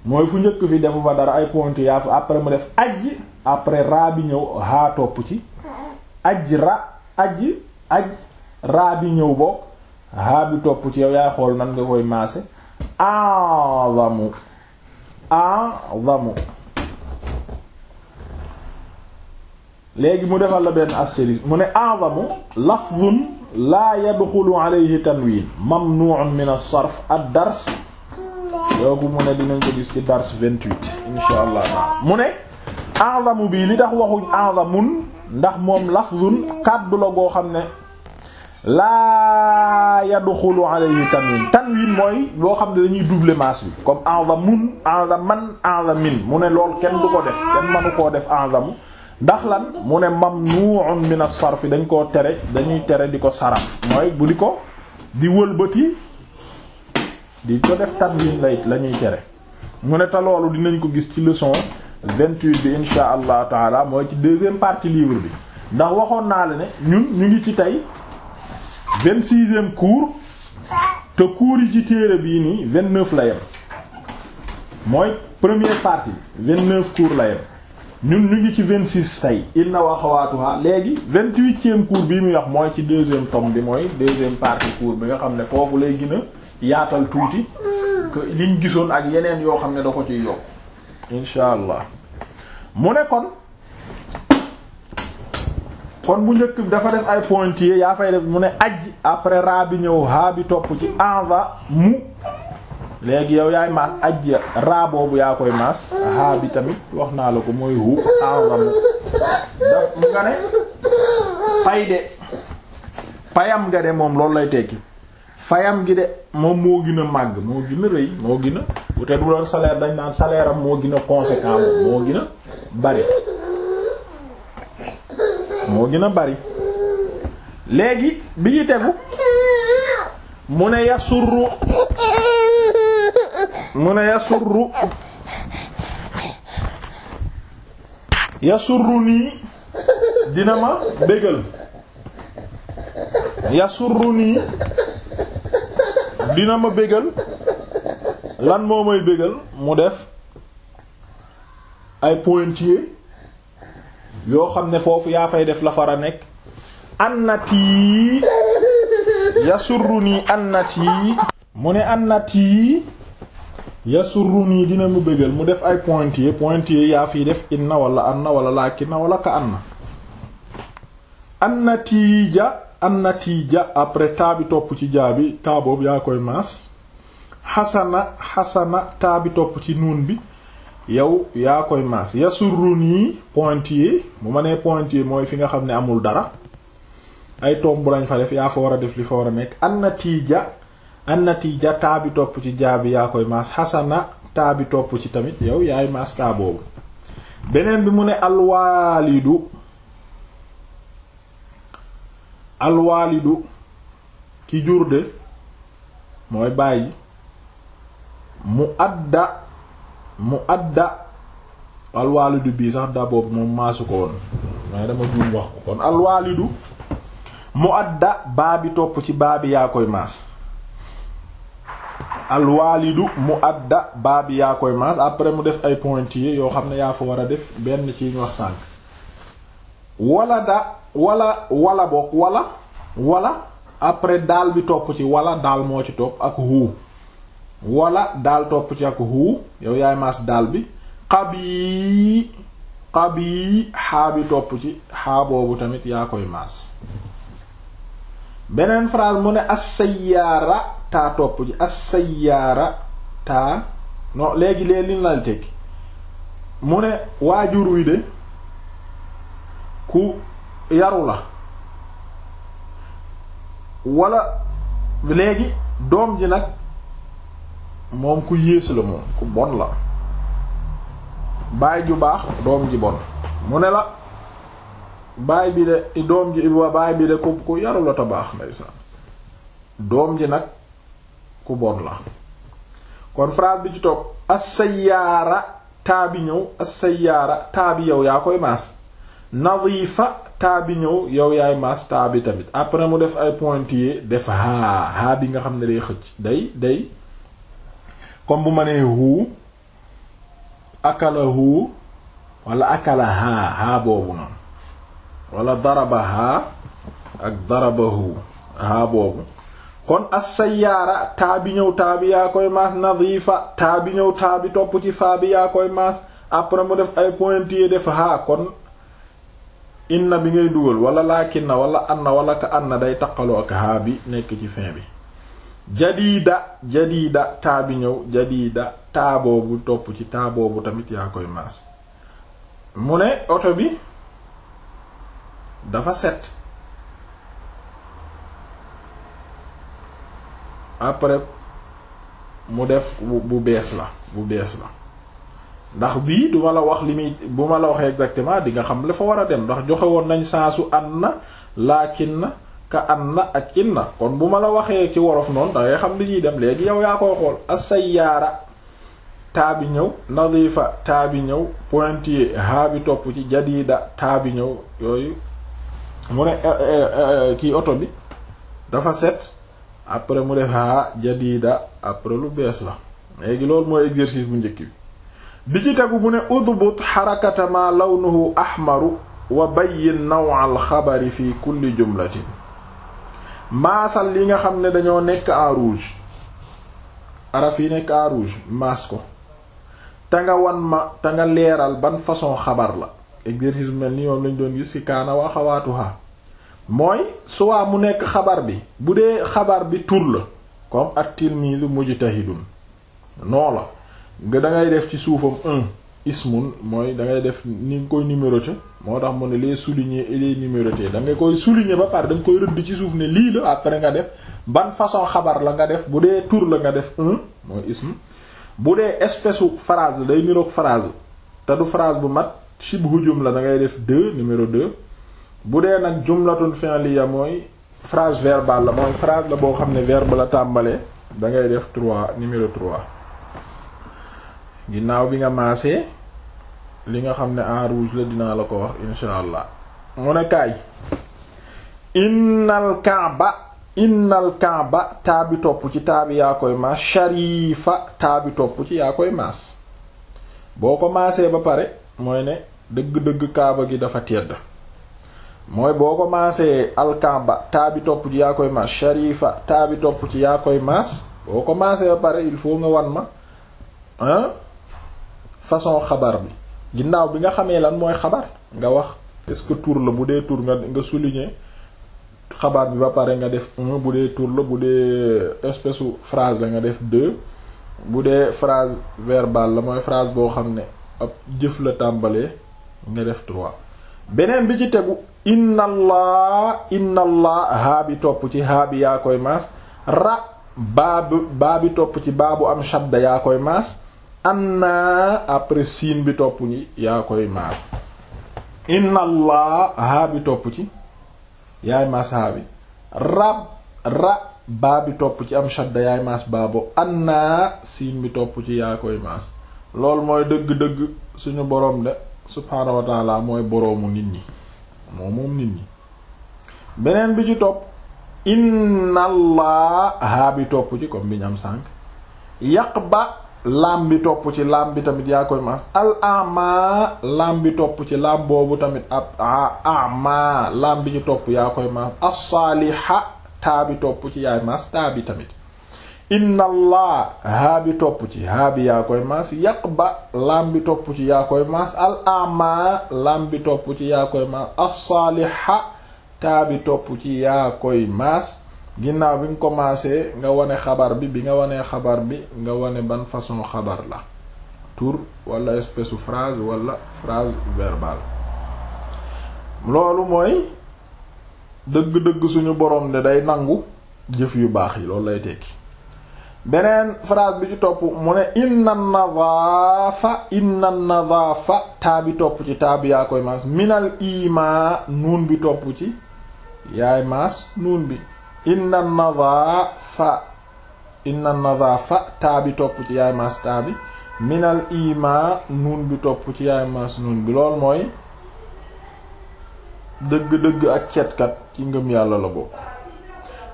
mooy fu njëkk fi defu fa dara ay point yaa fa après mu def ajj après raa bi ñëw haa topp ci ajj ra ajj ajj raa bi ñëw bokk haa bi topp ci yow yaay xool nan nga koy maase a'zamu a'zamu léegi mu defal la benn astérisque mu ne a'zamu lafdhun la yadkhulu alayhi tanwin mamnu'un min as-sarf ad-dars yoobu mu ne dinañ ko gis ci dars 28 insha allah mu ne a'zamu bii li tax waxuñ a'zamun ndax moom lafzun kàddu la goo xam ne laa yadxulu alayhi tanwin tanwin mooy boo xam ne dañuy doubler masse bi comme a'zamun a'zaman a'zamin mu ne lool kenn du ko def kenn mënu koo def a'zamu ndax lan mu ne mamnu'un min as-sarf dañ koo tere dañuy tere di ko saraf mooy bu di ko di wëlbati di ko def tanwin lay la ñuy tere mu ne te loolu dinañ ko gis ci leçon vingt-huit bi insha allah taala mooy ci deuxième partie livre bi ndax waxoon naa la ne ñun ñu ngi ci tey vingt-sixième cours te cours yi ci téere bii nii vingt-neuf la yem mooy première partie vingt-neuf cours la yem ñun ñu ngi ci vingt-six tey na wa xawaatuha léegi vingt-huitième cours bii muy wax mooy ci deuxième tome bi mooy deuxième partie cours bi nga xam ne foofu lay gën yaatal tuuti liñ gisoon ak yeneen yoo xam ne da ko ciy yokk insha allah mu ne kon kon bu njëkk bi dafa def ay pointillés yaa fay def mu ne ajj après raa bi ñëw haa bi topp ci enva mu léegi yow yaay maas ajj raa boobu yaa koy maas haa bi tamit wax naa la ko mooy hu enva mu daf nga ne pay de payam nga de moom loolu lay tekki fayam gi de moom moo gën a màgg moo gën rëy moo gën a bu te du doon salaire dañ naan salaire moo gën a conséquent moom moo gën bari moo gën bari léegi bi ñu tegu mu ne yasurru mu ne yasurru yasurru nii dina ma bégal yasurru nii dina ma bégal lan moo may bégal mu def ay pointier yoo xam ne foofu yaa fay def la fara nekk annati yasurruni annati mu ne annati yasurruni dina mu bëggal mu def ay pointier pointier yaa fiy def inna wala anna wala lakinna wala ka anna annati ja an natiija après taa bi topp ci jaa bi taa boobu yaa koy maas xasana xasana taa bi topp ci nuun bi yow yaa koy maas yasurruni pointillé bu ma nee pointillé mooy fi nga xam ne amul dara ay tomb lañ fa def yaa fa war a def li fa war a nekk an natiija an natiija taa bi topp ci jaabi yaa koy maas xasana taa bi topp ci tamit yow yaay maas taa beneen bi mu ne alwaalidu alwaalidu ki jur de mooy bàyyi mu adda mu adda alwaalidu bii sax daa boobu moom maasu ko woon mais dama juum wax ko kon alwaalidu mu adda baabi topp ci baabi yaa koy maas alwaalidu mu adda baabi yaa koy maas après mu def ay pointillés yoo xam ne yaa fa war a def benn ci ñu wax sànk walada wala wala bokk wala wala après daal bi topp ci wala daal moo ci topp ak huu wala daal topp ci ak huu yow yaay maas daal bi xabii xabii xaa bi topp ci xaa boobu tamit yaa koy maas beneen phrase mu ne as-sayyaara topp ci as-sayyaara taa non léegi léeg lin lal tekki mu ne waajur wi de ku yaru la wala léegi doom ji nag moom ku yées la moom ku bon la baay ju baax doom ji bon mu ne la baay bi de doom ji wa baay bi de ku ku yaru la te baax ndeysaan doom ji nag ku bon la kon phrase bi ci topp as-sayyaara taa bi ñëw as-sayyaara taa bi yow yaa koy maas nadifa taa bi ñëw yow yaay maas taa bi tamit après mu def ay pointillés def haa haa bi nga xam ne day xëcc day day comme bu ma nee huu akala huu wala akala haa haa boobu noonu wala daraba haa ak daraba huu haa boobu kon as-sayyaara taa ñëw taa yaa koy maas nadifa taa ñëw taa topp ci faa bi yaa koy maas après mu def ay pointillés def haa kon inna bi ngay dugal wala laakinna wala anna wala ka anna day taqaloo ak haa bi nekk ci fin bi jadiida jadiida taa bi ñëw jadiida taa boobu topp ci taa bu tamit yaa koy maas mu ne oto bi dafa set après mu def bu bees la bu bees la ndax bii duma la wax li muy bu ma la waxee exactement di nga xam la fa war a dem ndax joxe woon nañ saasu an na laakin na ka an na ak inna kon bu ma la waxee ci worof noonu da ngay xam li ñuy dem léegi yow yaa ko xool as-sayyaara taa bi ñëw nadifa taa bi ñëw pointier haa bi topp ci jadida taa bi ñëw yooyu mu ne eh, eh, eh, kii oto bi dafa set après mu def haa jadida après lu bees la léegi loolu mooy exercice bu njëkk bi bi ci tegu mu ne udbut xarakata ma lawnuhu ahmaru wa bayyin nawal xabari fi kulli jumlatin maasal yi nga xam ne dañoo nekk en rouge araf yi nekk en rouge maas ko te nga wan ma te nga leeral ban façon xabar la exercice mel ni moom lañ doon gis ci kaana wa xawaatuha mooy suwaa mu nekk xabar bi bu dee xabar bi tur la comme at tilmiizu mujtahidun noo la nga da ngay def ci suufam un ismun mooy da ngay def ni nga koy numéroté moo tax mu ne les souligner et les numéroter da koy souligner ba pare da nga koy rëdd ci suuf ne lii la après nga def ban façon xabar la nga def bu dee tour la nga def un mooy ism bu dee espèce u phrase day niroog phrase te du phrase bu mat shibhu jumla da ngay def deux numéro deux bu dee nag jumlatun fi'liya mooy phrase verbale la mooy phrase la boo xam ne verbe la tàmbalee da ngay def trois numéro trois ginnaaw bi nga maase li nga xam ne en rouge la dinaa la ko wax insha allah mu ne kaay innal kaaba innal kaaba taabi topp ci taabi yaa koy maas sharifa taabi topp ci yaa koy boo ko maasee ba pare mooy dëgg-dëgg kaaba gi dafa tedd mooy boo ko maasee alkaaba taabi topp ci yaa koy maas sharifa taabi topp ci yaa koy maas boo ko maasee ba pare il faut nga wan ma façon xabar bi ginnaaw bi nga xamee lan mooy xabar nga wax est-ce que tur la bu dee tour nga nga souligner xabaar bi ba pare nga def bu dee tour la bu dee espèce u phrase la nga def deux bu dee phrase verbale la mooy phrase boo xam ne ab jëf la tàmbalee nga def trois beneen bi ci tegu inna allah inna allah haabi topp ci haabi yaa koy maas ra baa bi topp ci baa bu am shadda yaa koy maas am naa après siin bi topp gi yaa koy maas inna allah haa bi topp ci yaay maas haa bi rab ra baa bi topp ci am shadda yaay maas baabo anna siin bi topp ci yaa koy maas loolu mooy dëgg-dëgg suñu boroom de subhaanahu wa mooy boroomu nit ñi moo moom nit ñi beneen bi ci topp inna allah haa bi topp ci comme bi am sànq yaq ba laam bi topp ci laam bi tamit yaa koy maas al ama laam bi topp ci laam boobu tamit ab ama laam bi ci topp yaa koy maas as-saaliha taa bi topp ci yaay maas taa bi tamit inna allah haa bi topp ci haa bi yaa koy maas yaqba laam bi topp ci yaa koy maas al ama laam bi topp ci yaa koy maas as-saaliha taa bi topp ci yaa koy maas ginnaaw bi nga commencé nga wane xabar bi bi nga wanee xabar bi nga wane ban façon xabar la tour walla espèce u phrase wala phrase verbale loolu mooy dëgg-dëgg suñu boroom ne day nangu jëf yu baax yi loolu lay tekki beneen phrase bi ci topp mu ne inna nadaafa inna nadaafa taa bi topp ci taa bi yaa koy maas minal imaa nuun bi topp ci yaay maas nuun bi inna nadaafa inna nadaafa taa bi topp ci yaay maas taa minal imaa nuun bi topp ci yaay maas nuun bi lool mooy dëgg-dëgg ak cetkat ci ngëm yàlla la bokk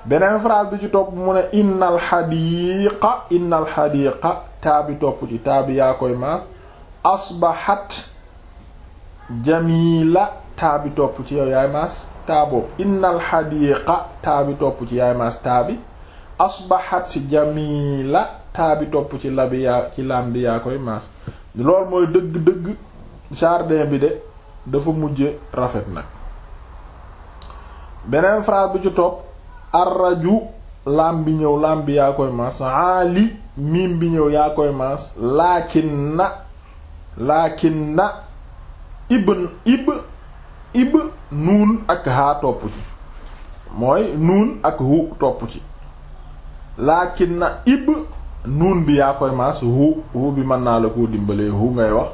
beneen phrase bi ci topp mu ne innal xadiiqa innal xadiiqa taa topp ci taa yaa koy maas asbaxat jamiila taa topp ci yow yaay maas taaboob innal xadiiqa taabi topp ci yaay maas taabi asbaxat jamila taabi topp ci labi yaa ci lam bi yaa koy maas loolu mooy dëgg-dëgg jardin bi de dafa mujj rafet nag beneen phrase bi ci topp arraju lam bi ñëw lam bi yaa koy maas ali miim bi ñëw yaa koy maas laakin na laakin na ibn ib ib nuun ak haa topp ci mooy nuun ak hu topp ci laakin na ib nuun bi yaa koy maas hu hu bi mën naa la koo dimbalee hu ngay wax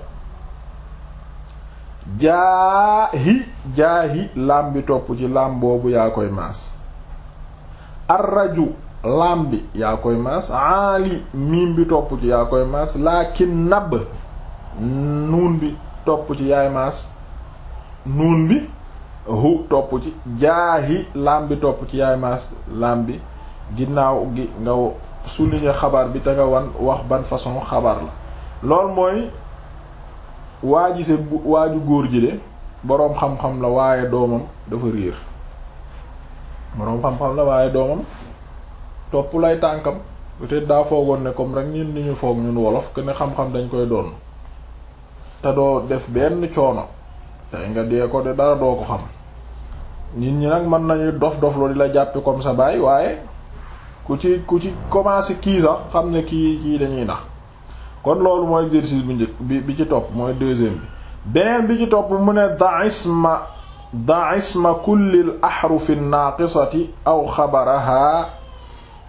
jaahi jaahi laam bi topp ci laam boobu yaa koy maas arraju laam bi yaa koy maas aali miim bi topp ci yaa koy maas laakin nab nuun bi topp ci yaay maas nuun bi hu topp ci jaahi laam bi topp ci yaay maas laam bi ginnaaw gi nga souligner xabaar bi te nga wan wax ban façon xabaar la loolu mooy waaji se waaju góor ji de boroom xam-xam la waaye doomam dafa réer boroom xam la waaye doomam topp lay tànkam peut-être daa foogoon ne comme rek ñun ni ñu foog ñun wolof que ne xam-xam dañ koy doon te doo def benn coono tey nga dee ko de dara doo ko xam nit ñi nag mën nañu dof dof loolu di la jàppe comme sa baay waaye ku ci ku ci commencé kii sax xam ne kii kii lañuy nax kon loolu mooy exercice bu njëkk bi bi ci topp mooy deuxième bi beneen bi ci topp mu ne daisma daisma kullil ahrufi naaqisati aw xabaraha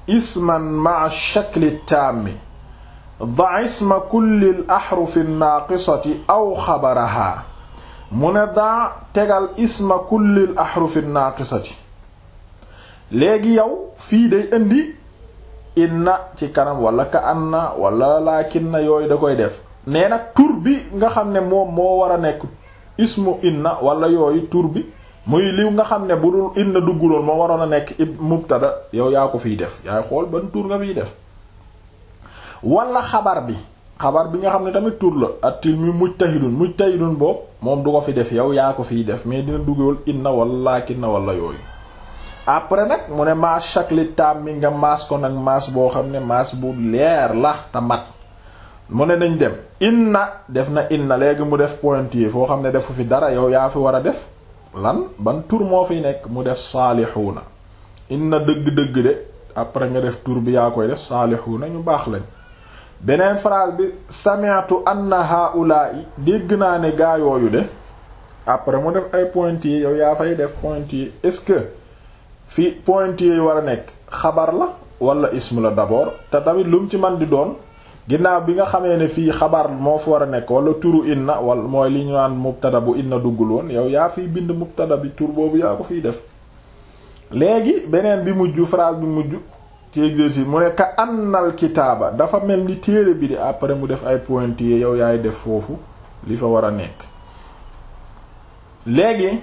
isman maa shakli taami daisma kullil naaqisati aw xabaraha mu ne daa tegal isma kullil ahrufi naaqisati léegi yow fii day indi inna ci kanam wala ka anna wala laakinna yooyu da koy def nee nag tur bi nga xam ne moom moo war a nekk ismu inna wala yooyu tur bi muy liw nga xam ne bu dul inna dugguloon moo waroon a nekk ib mubtada yow yaa ko fiy def yaay xool ban tur nga fiy def walla xabar bi xabar bi nga xam ne tamit tur la atil mi mujtahidun mujtahidun boobu moom du ko fi def yow yaa ko fiy def mais dina dugal inna wala kinna wala yooyu après nag mu ne maas shakli taam mi nga maas ko nag maas boo xam ne maas bu leer la te mat mu ne nañ dem inna def na inna léegi mu def pointillé foo xam ne defu fi dara yow yaa fi war a def lan ban tur moo fi nekk mu def saalixuuna inna dëgg-dëgg de après nga def tur bi yaa koy def saalixuuna ñu baax lañ beneen phrase bi sami'tu anna haula'i dégg naa ne gaa yooyu de après mu def ay pointillés yow yaa fay def pointillés est-ce que fi pointillés yi war a nekk xabar la wala ism la d'abord te tamit lu ci man di doon ginnaaw bi nga xamee ne fii xabar moo fi war a nekk wala turu inna wala mooy li ñu naan mubtada bu inna duggul woon yow yaa fiy bind mubtada bi tur boobu yaa ko fiy def léegi beneen bi mujj phrase bi mujj ci exercice mu ne ka annal kitaaba dafa mel ni téere bi di après mu def ay pointillés yow yaay def foofu li fa war a nekk léegi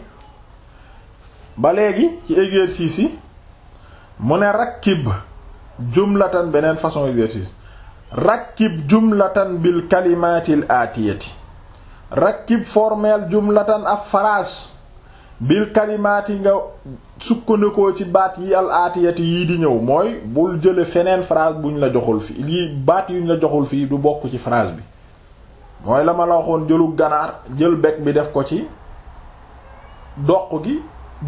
ba léegi ci exercice yi mu ne rakkib jumlatan beneen façon exercice rakkib jumlatan bil kalimaatil aatiyati rakkib formel jumlatan ab phrase bil yi nga sukkandikoo ci baat yi al aatiyati yii di ñëw mooy bul jële feneen phrase buñ la joxul fii lii baat yuñ la joxul fii du bokk ci phrase bi mooy la ma waxoon jëlu ganaar jël bec bi def ko ci doq gi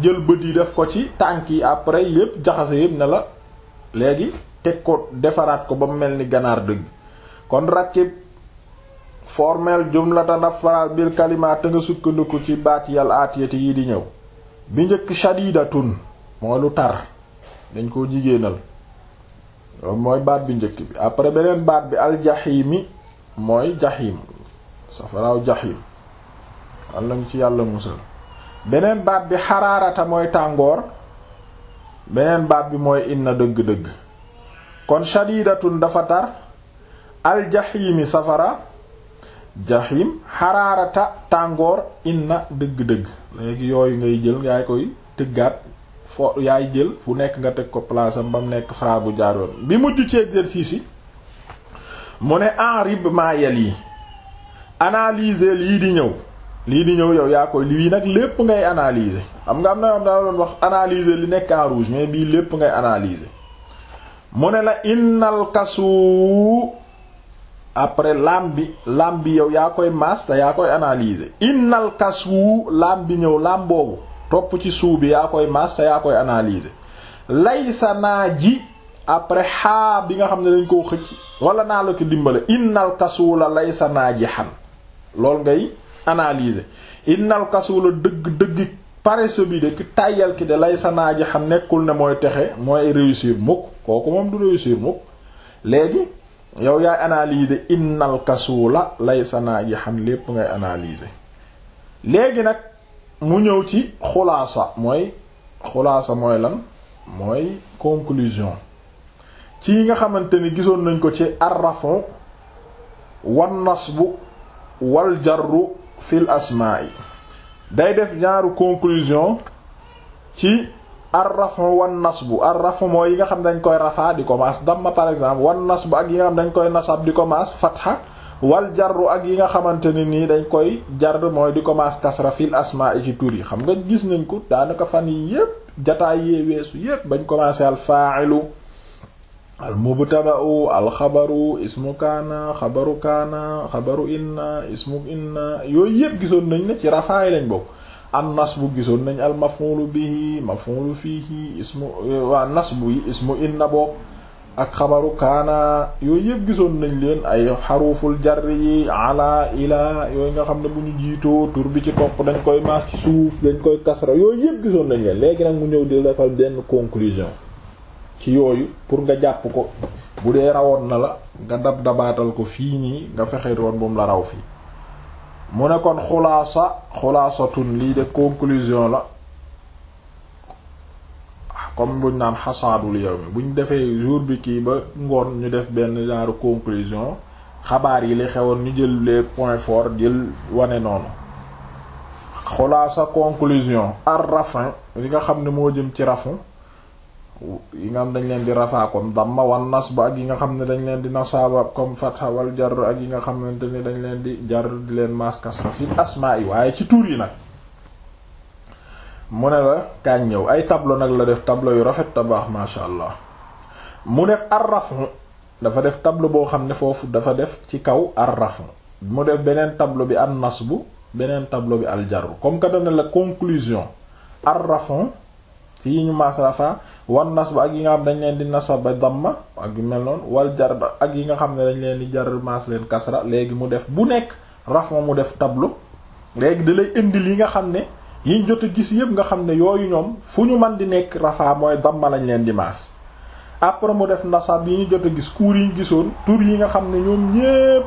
jël bët yi def ko ci tànk yi après yépp jaxase yépp ne la léegi teg ko defaraat ko ba mu mel ni ganaar dëgg kon formel jumlata daf phrase bil kalimaat nga sukkandiku ci baat yal aatiyati yi di ñëw bi njëkk shadidatun mooy lu tar dañ koo jigéenal mooy baat bi njëkk bi après beneen baat bi aljaxiimi mooy jaxiim safaraaw jaxiim walla ci yàlla musal beneen baat bi xaraarata mooy tàngoor beneen baat bi mooy inna dëgg-dëgg kon shadidatun dafa tar aljaxiimi safara jahim xaraarata tàngoor inna dëgg-dëgg léegi yooyu ngay jël ngay koy tëggaat fo yaay jël fu nekk nga teg ko place am ba mu nekk fra bu jaar yoon bi mujj ci exercice yi mu ne enrib maayel yi analyser lii di ñëw lii di ñëw yow yaa koy lii nag lépp ngay analyser xam nga am na am daa wax analyser li nekk en rouge bii lépp ngay analyser mu ne la innal kasu après lam bi laam bi yow yaa koy maas te yaa koy analyser innal kaswu lam bi ñëw laam boobu topp ci suu bi yaa koy maas yaa koy analyser laysa naa ji après xaa bi nga xam ne dañ koo xëcc wala naa la ko dimbale innal kaswu la laysa naa ji xan loolu ngay analyser innal kaswu la dëgg dëgg paresse bi de ki tàyyal ki de laysa naa ji xan nekkul ne mooy texe mooy réussir mukk kooku moom du réussir mukk léegi yow yaay analyser innal kasula laysa xam lépp ngay analyser léegi nag mu ñëw ci xulaasa mooy xulaasa mooy lan mooy conclusion ci yi nga xamante ni gisoon nañ ko ci arrafu wan nasbu wal jarru fil asmaa yi day def ñaaru conclusion ci ar-rafu wan nasbu ar-rafu mooy yi nga xam dañ koy rafaa di ko maas damma par exemple wan nasbu ak yi nga xam dañ koy nasab di commence maas fatha wal jarru ak yi nga xamante ne nii dañ koy jar mooy di ko maas kasra fil asmaa ci tur yi xam nga gis nañ ko daanaka fan yi yépp jataay weesu yépp bañ commencé al fa'ilu al mubtada'u al xabaru ismu kaana xabaru kaana xabaru inna ismu inna yooyu yépp gisoon nañ ne ci rafaa yi lañ bokk am bu gisoon nañ al maf'ul bihi maf'ul fihi ismu waa nas bu yi ismu inna boog ak xabaru kaana yooyu yëpp gisoon nañ leen ay xaruful jarri yi ala ila yooyu nga xam ne bu ñu jiitoo tur bi ci topp dañ koy maas ci suuf dañ koy kasra yooyu yëpp gisoon nañ leen léegi nag mu ñëw di defal benn conclusion ci yooyu pour nga jàpp ko bu dee rawoon na la nga dab dabaatal ko fii nii nga fexe roon bu mu la raw fii mu ne kon xulaasa xulaasatun lii de conclusion la comme buñ naan xasaadul yow mi buñ defee jour bi kii ba ngoon ñu def benn genre conclusion xabaar yi li xewoon ñu jël les point forts jël wane noonu xulaasa conclusion ar rafin li nga xam ne moo jëm ci rafin yi nga xam dañ leen di rafaa comme damma wan nasba ak yi nga xam ne dañ leen di nasaaba comme fatha wal jar ak yi nga xamante ni dañ leen di jar di leen maas kasra fi asmaa yi waaye ci tuur yi nag mu ne la kañ ñëw ay tableau nag la def tableau yu rafet tabaax baax masha allah mu def arrafu dafa def tableau boo xam ne foofu dafa def ci kaw arrafu mu def beneen tableau bi an nasbu beneen tableau bi al jar comme que dana la conclusion arrafu fii ñu masrafa wan nas ba ak yi nga xam dañ leen di nasaba damma ak yu mel noonu wal jar ba ak yi nga xam ne dañ leen di jar maas leen kasra léegi mu def bu nekk rafa mu def tableau léegi da lay indil yi nga xam ne yiñ jot a gis yëpp nga xam ne yooyu ñoom fu ñu man di nekk rafa mooy damma lañ leen di maas après mu def nasab yi ñu jot a gis kuur yi ñu gisoon tur yi nga xam ne ñoom ñépp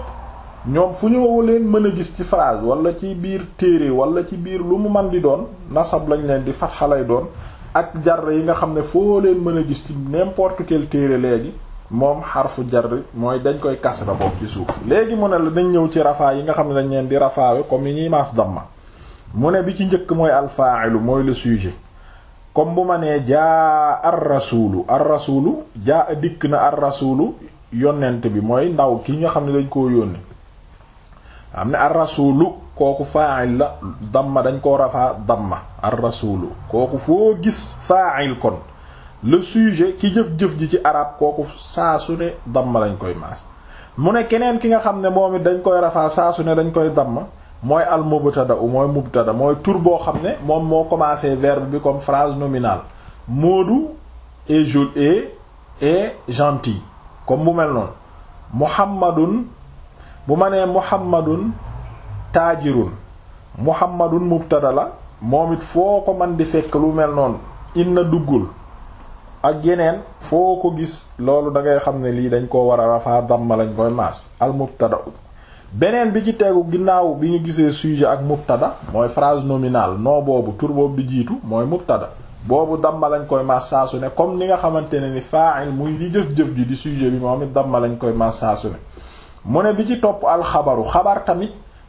ñoom fu ñu leen mën a gis ci phrase wala ci biir téere wala ci biir lu mu man di doon nasab lañ leen di fat lay doon ak jar yi nga xam ne foo leen mën a gis ci n'importe quel téere léegi moom xarfu jar mooy dañ koy kasra boobu ci suuf léegi mu ne la dañ ñëw ci rafaa yi nga xam ne dañ leen di rafaawe comme ni ñuy maas damma mu bi ci njëkk mooy alfaailu mooy le comme bu ma nee jaa ar rasulu ar rasulu jaa dikk na ar yonent bi mooy ndaw ki nga xam ne dañ koo yónne am ne ar kooku fa'il la damma dañ koo rafaa damma ar-rasulu kooku foo gis fa'il kon le sujet ki jëf-jëf ji ci arab kooku saa su ne damma lañ koy maas mu ne keneen ki nga xam ne moom it dañ koy rafaa saa su ne dañ koy damma mooy al mubtada u mooy mubtada mooy tur boo xam ne moom moo commencé verbe bi comme phrase nominale Moodu et Jules et et gentil comme bu mel noonu Muhammadun bu ma nee Muhammadun taajirun muhammadun mubtada la moom it foo ko man di fekk lu mel noonu na duggul ak yeneen foo ko gis loolu da ngay xam ne lii dañ koo war a rafaa damma lañ koy maas al mubtada beneen bi ci tegu ginnaaw bi ñu gisee sujet ak mubtada mooy phrase nominale noo boobu tur boobu jiitu mooy mubtada boobu dambalañ lañ koy maas saa ne comme ni nga xamante ne ni fa'il muy li jëf-jëf ji di sujet bi moom it damma lañ koy maas saa su ne mu ne bi ci topp alxabaru xabar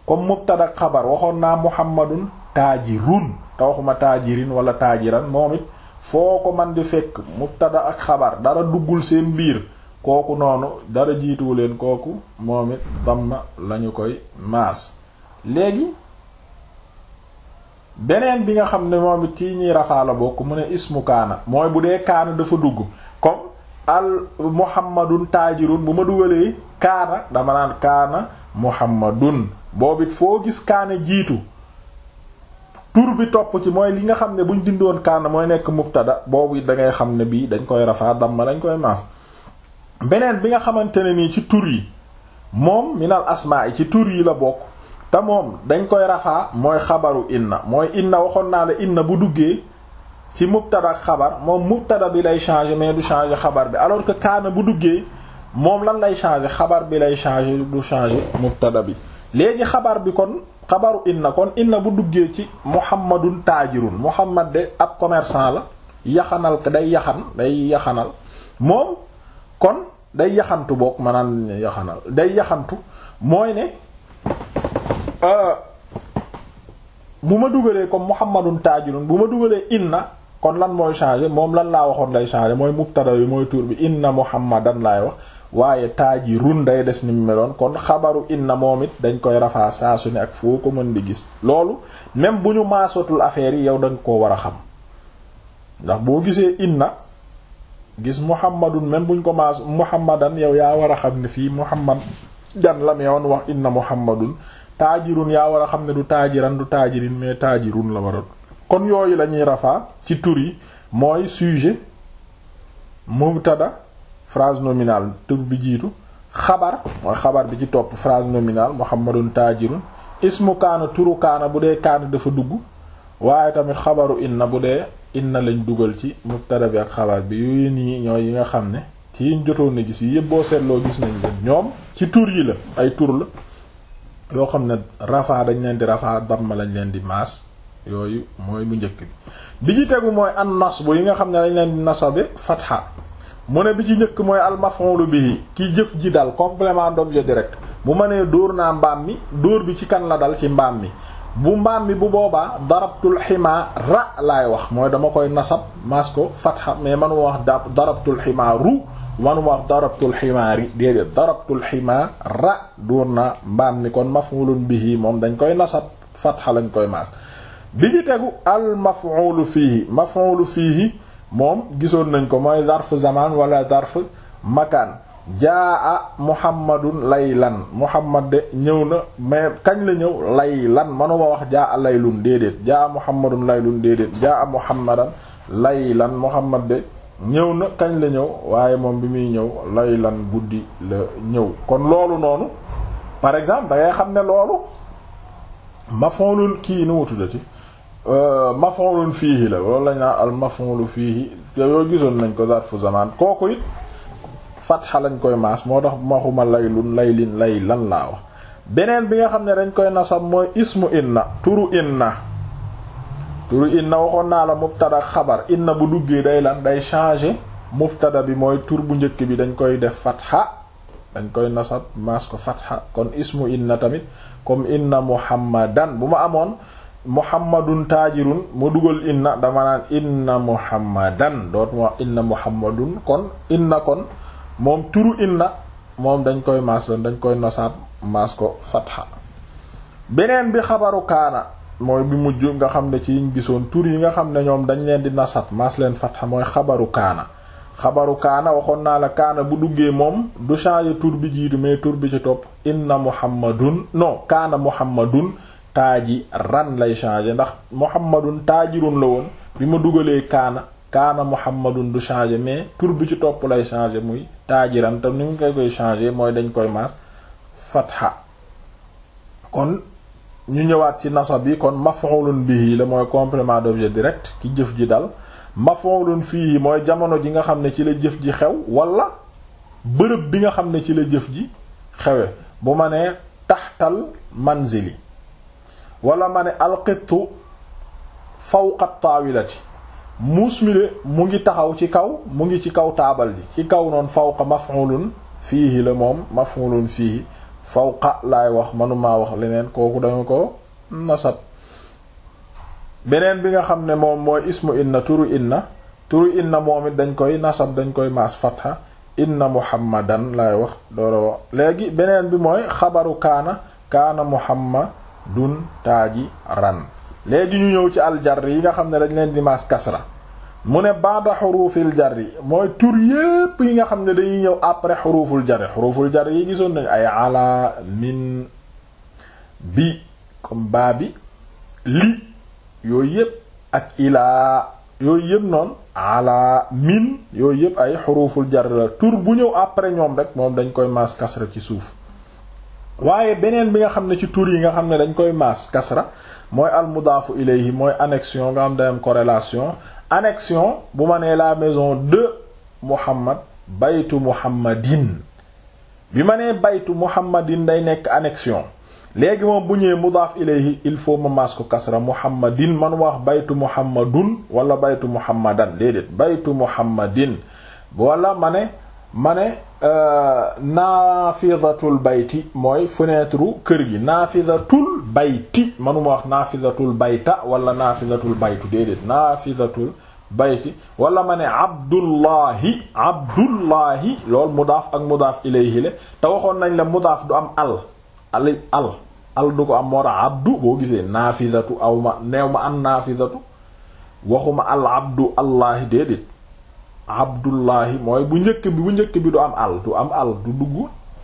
comme mubtada ak xabar waxoon naa muhammadun taajirun te waxuma taajirin wala taajiran moom it foo ko man di fekk mubtada ak xabar dara duggul seen biir kooku noonu dara jiituwu leen kooku moom it damma lañu koy maas léegi beneen bi nga xam ne moom it ci ñuy rafaa la bokk mu ne ismu kaana mooy bu dee kaana dafa dugg comme al muhammadun taajirun bu ma dugalee kaana dama naan kaana muhammadun boobu it foo gis kaani jiitu tur bi topp ci mooy li nga xam ne buñ dindoon kaana mooy nekk mubtada boobu it da ngay xam ne bii dañ koy rafaa damma dañ koy maas beneen bi nga xamante ne nii ci tur yi moom minal asmaa yi ci tur yi la bokk te moom dañ koy rafaa mooy xabaru inna mooy inna waxoon naa la inna bu duggee ci mubtada ak xabar moom mubtada bi lay changer mais du changer xabar bi alors que kaana bu duggee moom lan lay changer xabar bi lay changer du changer mubtada bi léegi xabar bi kon xabaru inna kon inna bu duggee ci muhammadun taajirun muhammad de ab commerçant la yaxanal day yaxan day yaxanal moom kon day yaxantu boog maanaam yaxanal day yaxantu mooy ne euh, bu ma dugalee comme muhammadun taajirun bu ma dugalee inna kon lan mooy changer moom lan laa waxoon lay changer mooy mubtada bi mooy tuur bi inna muhammadan laay wax waaye taaji run day des ni mu meloon kon xabaru inna moom it dañ koy rafaa saa su ne ak foo ko mën di gis loolu même bu ñu maasootul affaire yi yow dañ koo war a xam ndax boo gisee inna gis muhammadun même buñ ko maas muhammadan yow yaa war a xam ne fii muhammad dan la meewoon wax inna muhammadun taajirun yaa war a xam ne du taajiran du taajirin mais taajirun la war kon yooyu lañuy rafaa ci tur yi mooy sujet mubtada phrase nominale tur bi jiitu xabar mooy xabar bi ci topp phrase nominale muhammadun taajirun ismu kaana turu kaana bu dee kaana dafa dugg waaye tamit xabaru inna bu dee inna lañ dugal ci mubtada bi ak xabar bi yooyu nii ñooy yi nga xam ne ci yiñ jotoon na gis yi yëpp boo seetloo gis nañ leen ñoom ci tur yi la ay tur la yoo xam ne rafaa dañ leen di rafaa ma lañ leen di maas yooyu mooy mu njëkk bi bi mooy an nas bu yi nga xam ne dañ leen di nasabe fatha mu ne bi ci njëkk mooy almaf'ul bihi ki jëf ji dal complément d'objet rek bu ma nee dóor naa mbaam mi dóor bi ci kan la dal ci mbaam mi bu mbaam mi bu boobaa darabtul ximaa ra laay wax mooy dama koy nasab mas ko fatxa mais manu wax darabtul ximaa ru manu wax darabtul ximaa ri déedéet darabtul ximaa ra dóor naa mbaam mi kon maf'ulun bihi moom dañ koy nasab fatxa lañ koy maas bi ci tegu al maf'ul fihi maf'ul moom gisoon nañ ko mooy zarf zaman wala zarf makaan jaa a muhammadun laylan muhammad de ñëw na mais kañ la ñëw laylan manuma wax jaa a laylun déedéet jaa a muhammadun laylun déedéet jaa a muhammadan laylan muhammad de ñëw na kañ la ñëw waaye moom bi muy ñëw laylan guddi la ñëw kon loolu noonu par exemple da xam ne loolu mafoolul kii nu wutudati Euh, maf'ulun fiihi la loolu lañ naan al maf'ulu fiihi te yoo gisoon nañ ko zarfu zamaan kooku it fatxa lañ koy maas moo tax maxuma laylun laylin laylan laa wax beneen bi nga xam ne dañ koy nasab mooy ismu inna turu inna turu inna waxoon naa la bu duggee day lan day changer mubtada bi mooy tur bu njëkk bi dañ koy def fatxa dañ koy nasab maas ko fatxa kon ismu inna tamit comme inna muhammadan bu ma amoon muhammadun taajirun mu dugal inna dama naan inna muhammadan doot ma inna muhammadun kon inna kon moom turu inna moom dañ koy maas doon dañ koy nosaat maas ko fatha beneen bi xabaru kaana mooy bi mujj nga xam ne ci yiñ gisoon tur yi nga xam ne ñoom dañ leen di nasat maas leen fatha mooy xabaru kaana xabaru kaana waxoon naa la kaana bu duggee moom du changer tur bi jiitu mais tur bi ci topp inna muhammadun non kaana muhammadun taaji ran lay changer ndax muhammadun taajirun la woon bi ma dugalee kaana kaana muhammadun du changer mais tur bi ci topp lay changer muy taajiran tam ni nga koy koy changer mooy dañ koy maas fatha kon ñu ñëwaat ci nasab bi kon maf'ulun bihi la mooy complément d'objet direct ki jëf ji dal maf'ulun fihi mooy jamono ji nga xam ne ci la jëf ji xew wala bërëb bi nga xam ne ci la jëf ji xewe bu ma nee taxtal manzili wala ma ne alqittu fawqa taawilati muus mi mu ngi taxaw ci kaw mu ngi ci kaw taabal ji ci kaw noonu fawqa maf'ulun fii la moom maf'ulun fiihi fawqa laay wax manumaa wax leneen kooku danga ko nasab beneen bi nga xam ne moom mooy ismu inna turu inna turu inna moom it dañ koy nasab dañ koy maas fatha inna muhammadan laay wax doora wax léegi beneen bi mooy xabaru kaana kaana muhammad dun taaji ran léegi ñu ñëw ci aljar yi nga xam ne dañ leen di maas kasra mu ne baada xurufil jar yi mooy tur yépp yi nga xam ne dañuy ñëw après xuruful jar xuruful jar yi gisoon nañu ay ala min bi comme baa bi li yooyu yépp ak ilaa yooyu yépp noonu ala min yooyu yépp ay xuruful jar la tur bu ñëw après ñoom rek moom dañ koy maas kasra ci suuf waaye beneen bi nga xam ne ci tur yi nga xam ne dañ koy maas kasra mooy al mudaafu ilayhi mooy annexion nga xam day am corrélation annexion bu ma nee la maison de Muhammad baytu Muhammadin bi ma nee baytu Muhammadin day nekk annexion léegi moom bu ñëwee mudaaf ilayhi il faut ma maas ko kasra Muhammadin man wax baytu Muhammadun wala baytu Muhammadan déedéet baytu Muhammadin wala ma ne ma ne euh, naafidatul bayti mooy fenêtre kër gi naafidatul bayti manuma wax naafidatul bayta wala naafidatul baytu déedéet naafidatul bayti wala ma ne abdullahi abdullahi lool mudaaf ak mudaaf ilayhi le te waxoon nañ la mudaaf du am al al al al du ko am moo tax abdu boo gisee naafidatu aw ma neew ma an naafidatu waxuma al abdu allahi déedéet abdullahi mooy bu njëkk bi bu njëkk bi du am al du am al du dugg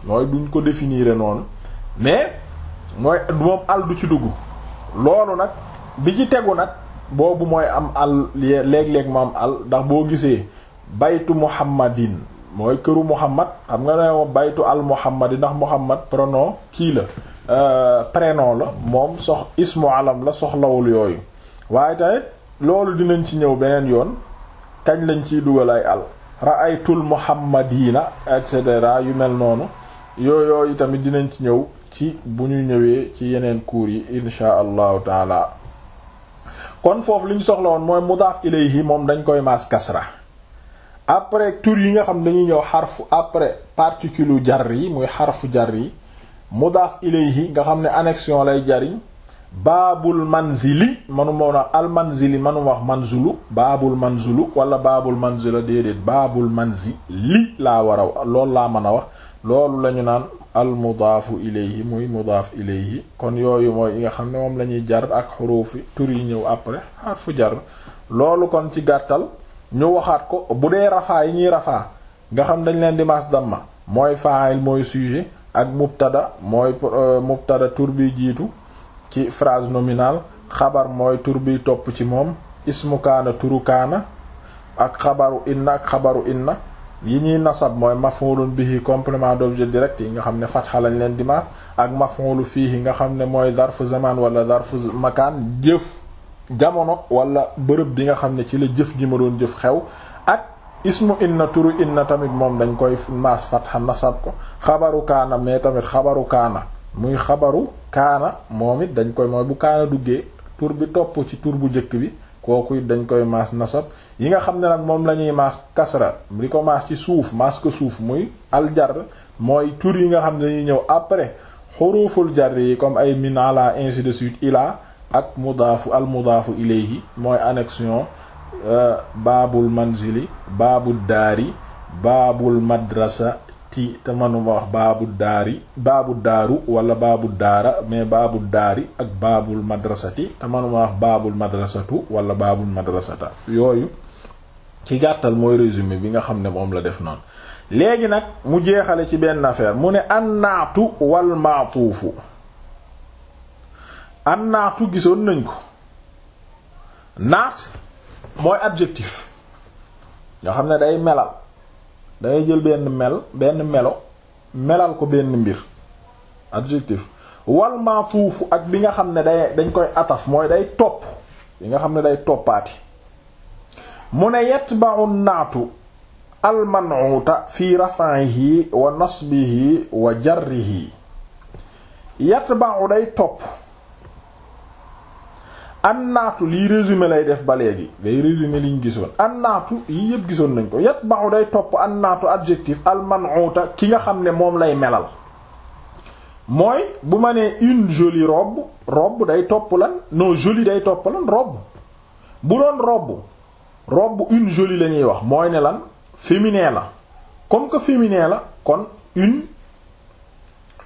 mooy duñ ko définir noonu mais mooy moom al du ci dugg loolu nag bi ci tegu nag boobu mooy am al léeg-léeg mu am al ndax boo gisee baytu muhammadin mooy këru muhammad xam nga ne baytu al muhammadi ndax muhammad pronom kii la euh, prénom la moom sox ismu alam la soxlawul yooyu waaye tamit loolu dinañ ci ñëw beneen yoon kañ lañ ciy dugal ay al ra'aytul muhammadiina et cetera yu mel noonu yooyu tamit dinañ ci ñëw ci bu ñu ñëwee ci yeneen cours yi insha allahu taala kon foofu li ñu soxla woon mooy mudaaf ilayhi moom dañ koy maas kasra après tur yi nga xam dañuy ñëw xarfu après particule jar yi muy xarfu jar yi mudaaf ilayhi nga xam ne annexion lay jariñ baabul manzili manuma woon wax almanzili manuma wax manzulu baabul manzulu wala baabul manzila déedéet baabul manzili laa war a loolu laa mën a wax loolu lañu naan al almudaafu ilayhi muy mudaaf ilayhi kon yooyu mooy yi nga xam ne moom lañuy jar ak xuruufi tur yi ñëw après xarfu jar loolu kon ci gàttal ñu waxaat ko bu dee rafaa yi ñuy rafaa nga xam dañ leen di mas damma mooy faa'il mooy sujet ak mubtada mooy euh, mubtada tur bi jiitu ci phrase nominale xabar mooy tur biy topp ci moom ismu kaana turu kaana ak xabaru inna ak xabaru inna yi ñuy nasab mooy maf'ulun bihi complément d'objet direct yi nga xam ne fatxa lañ leen dimaas ak maf'ulu fihi nga xam ne mooy zarfu zaman wala zarfu makaan jëf jamono wala bërëb bi nga xam ne ci la jëf ji ma doon jëf xew ak ismu inna turu inna tamit moom dañ koy maas fatxa nasab ko xabaru kaana mais tamit xabaru kaana muy xabaru kaana moom it dañ koy mooy bu kaana duggee tur bi topp ci tur bu njëkk bi kooku it dañ koy maas nasab yi nga xam ne nag moom lañuy ñuy maas kasra li ko maas ci suuf maas ko suuf muy aljar mooy tur yi nga xam ne dañuy ñëw après xuruful jar yi comme ay min ala ainsi de suite ila ak mudaafu al mudaafu ilayhi mooy annexion euh, baabul manzili baabul daari baabul madrasa ti te manuma wax baabu daari baabu daaru wala baabu daara mais baabu daari ak baabul madrasati te manuma wax baabul madrasatu wala baabul madrasata yooyu ci gàttal mooy résumé bi nga xam ne moom la def noonu léegi nag mu jeexale ci benn affaire mu ne anaatu wal maatuufu annaatu gisoon nañ ko naat mooy adjectif nga xam ne day melal dangay jël benn mel benn melo melal ko benn mbir adjectif wal ma'tuuf ak bi nga xam ne day dañ koy ataf mooy day topp yi nga xam ne day toppaati mu ne yatba'u naatu almanuuta fi raf'ihi wa nasbihi wa jarrihi yatba'u day topp annaatu lii résumé lay def ba léegi day résumé liñ gisoon annaatu yii yëpp gisoon nañ ko yat baxu day topp annaatu adjectif almanuuta ki nga xam ne moom lay melal mooy bu ma nee une jolie robb robe day topp lan non jolie day topp lan robe bu doon robe robe une jolie la ñuy wax mooy ne lan féminin la comme que féminin la kon une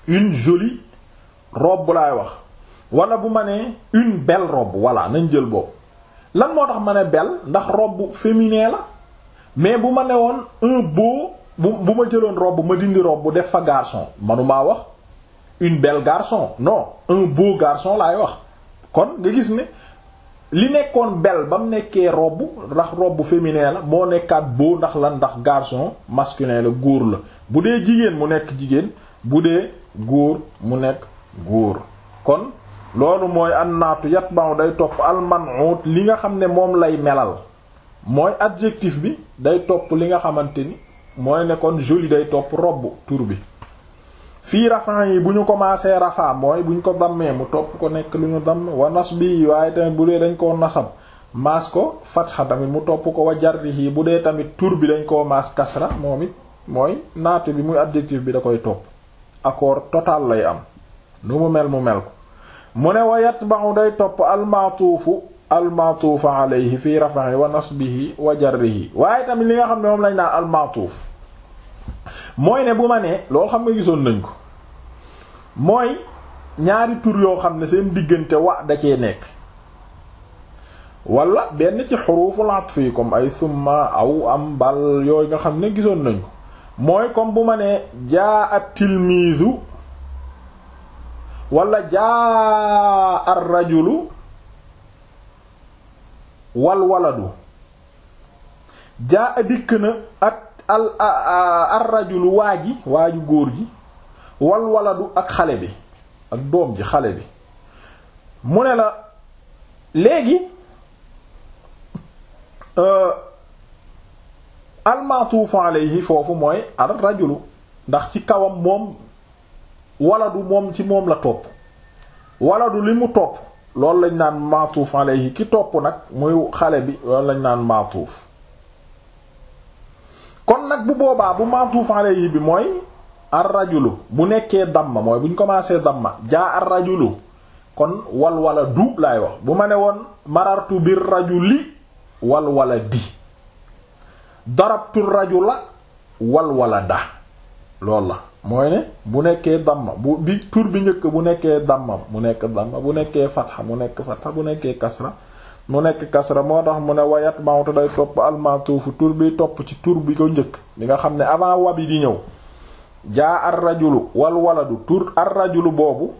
une jolie robe laay wax wala bu ma nee une belle robe voilà nañ jël boobu lan moo tax ma ne belle ndax robe féminin la mais bu ma ne woon un beau bu ma jëloon robe ma dindi robe def fa garçon manumaa wax une belle garçon non un beau garçon laay wax kon nga gis ne li nekkoon belle ba mu nekkee robe ndax robe féminin la moo nekkaat beau ndax lan ndax garçon masculin la góor la bu dee jigéen mu nekk jigéen bu dee góor mu nekk góor kon loolu mooy an annaatu yatba'u day topp almanuut li nga xam ne moom lay melal mooy adjectif bi day topp li nga xamante ni mooy ne kon day topp robb tur bi fii rafan yi bu ñu commencé rafa mooy bu ko dammee mu topp ko nekk lu ñu damm wa nas bi waaye tamit bu dee dañ koo nasab maas ko fatxa tamit mu topp ko wa jarrihi bu dee tamit tur bi dañ koo maas kasra moom it mooy naatu bi mu adjectif bi da koy topp accord total lay am nu mu mel mu mel mu ne wa yatba'u day topp almaatuufu almaatuufa alayhi fi rafahi wa nasbihi wa jarrihi waaye tamit li nga xam ne moom lañ naan almaatuuf mooy ne bu ma nee loolu xam nga gisoon nañ ko mooy ñaari tur yoo xam ne seen diggante wa da nekk wala benn ci xuruful atf yi comme ay summa aw am bal yooyu nga xam ne gisoon nañ mooy comme bu ma nee jaa at tilmiizu wala jaa ar rajulu wal waladu jaa dikk na ak al ar rajulu waa ji waa ju góor ji wal waladu ak xale bi ak doom ji xale bi mu ne la léegi euh, almatuufu alayhi foofu mooy ar rajulu ndax ci kawam moom waladu moom ci moom la topp waladu li mu topp loolu lañ naan maatuuf yi ki topp nag muy xale bi loolu lañ naan maatuuf kon nag bu boobaa bu maatuuf alayhi bi mooy ar rajulu bu nekkee damma mooy buñ commencé damma jaa ar rajulu kon wal wala du laay wax bu ma ne woon marartu bir rajuli wal wala di darabtu rajula la wala da loolu la mooy ne bu nekkee damma bu bi tur bi njëkk bu nekkee damma bu nekk damma bu nekkee fatxa mu nekk fatxa bu nekkee kasra mu nekk kasra moo tax mu ne wayat mawta day topp almatuufu tur bi topp ci tur bi ko njëkk bi nga xam ne avant wabi di ñëw jaa ar rajulu wal waladu tur ar rajulu boobu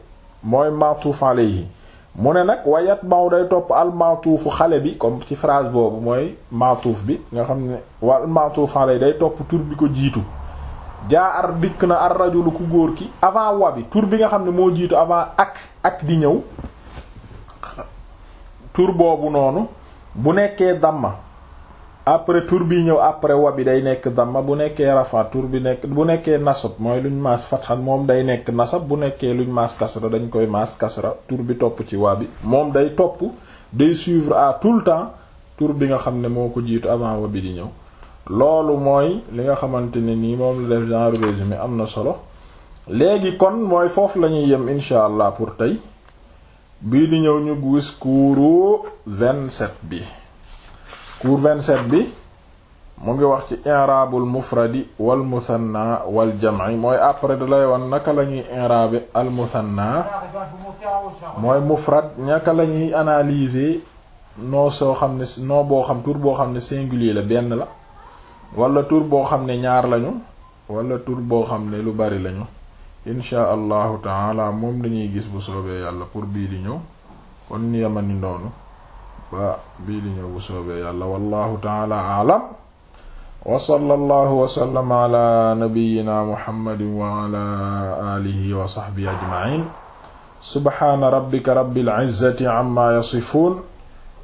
mooy matuuf yi mu ne nag wayat maw day topp al matuufu xale bi comme ci phrase boobu mooy matuuf bi nga xam ne wal matuuf yi day topp tur bi ko jiitu jaa ar dikk na ar rajulu ku góor ki avant wa bi tur bi nga xam ne moo jiitu avant ak ak di ñëw tur boobu noonu bu nekkee damma après tur bi ñëw après wa bi day nekk damma bu nekkee rafa tur bi nekk bu nekkee nasab mooy luñ maas fatxan moom day nekk nasab bu nekkee luñ maas kasra dañ koy maas kasra tur bi topp ci wa bi moom day topp day suivre à tout le temps tur bi nga xam ne moo ko jiitu avant wa bi di ñëw loolu mooy li nga xamante ne nii moom la def genre résumé am na solo léegi kon mooy foofu la ñuy yem incha allah pour tey bii di ñëw ñu gis cours 27 bi vingt 27 bi mu ngi wax ci i'rabul mufradi wal muthanna wal jam'i mooy après da lay wan naka la ñuy i'rabe al muthanna mooy mufrad naka la ñuy analyser noo soo xam ne noo boo xam tur boo xam ne singulier la benn la wala tur boo xam ne ñaar lañu wala tur boo xam ne lu bari lañu insha allahu taala moom lañuy gis bu soobe yàlla pour bii di ñëw kon ni yamani noonu ba bii di ñëw bu soobee yàlla wallahu taala aalam wa sallallahu wa sallama ala nabiyyina muhammadin wa ala yasifun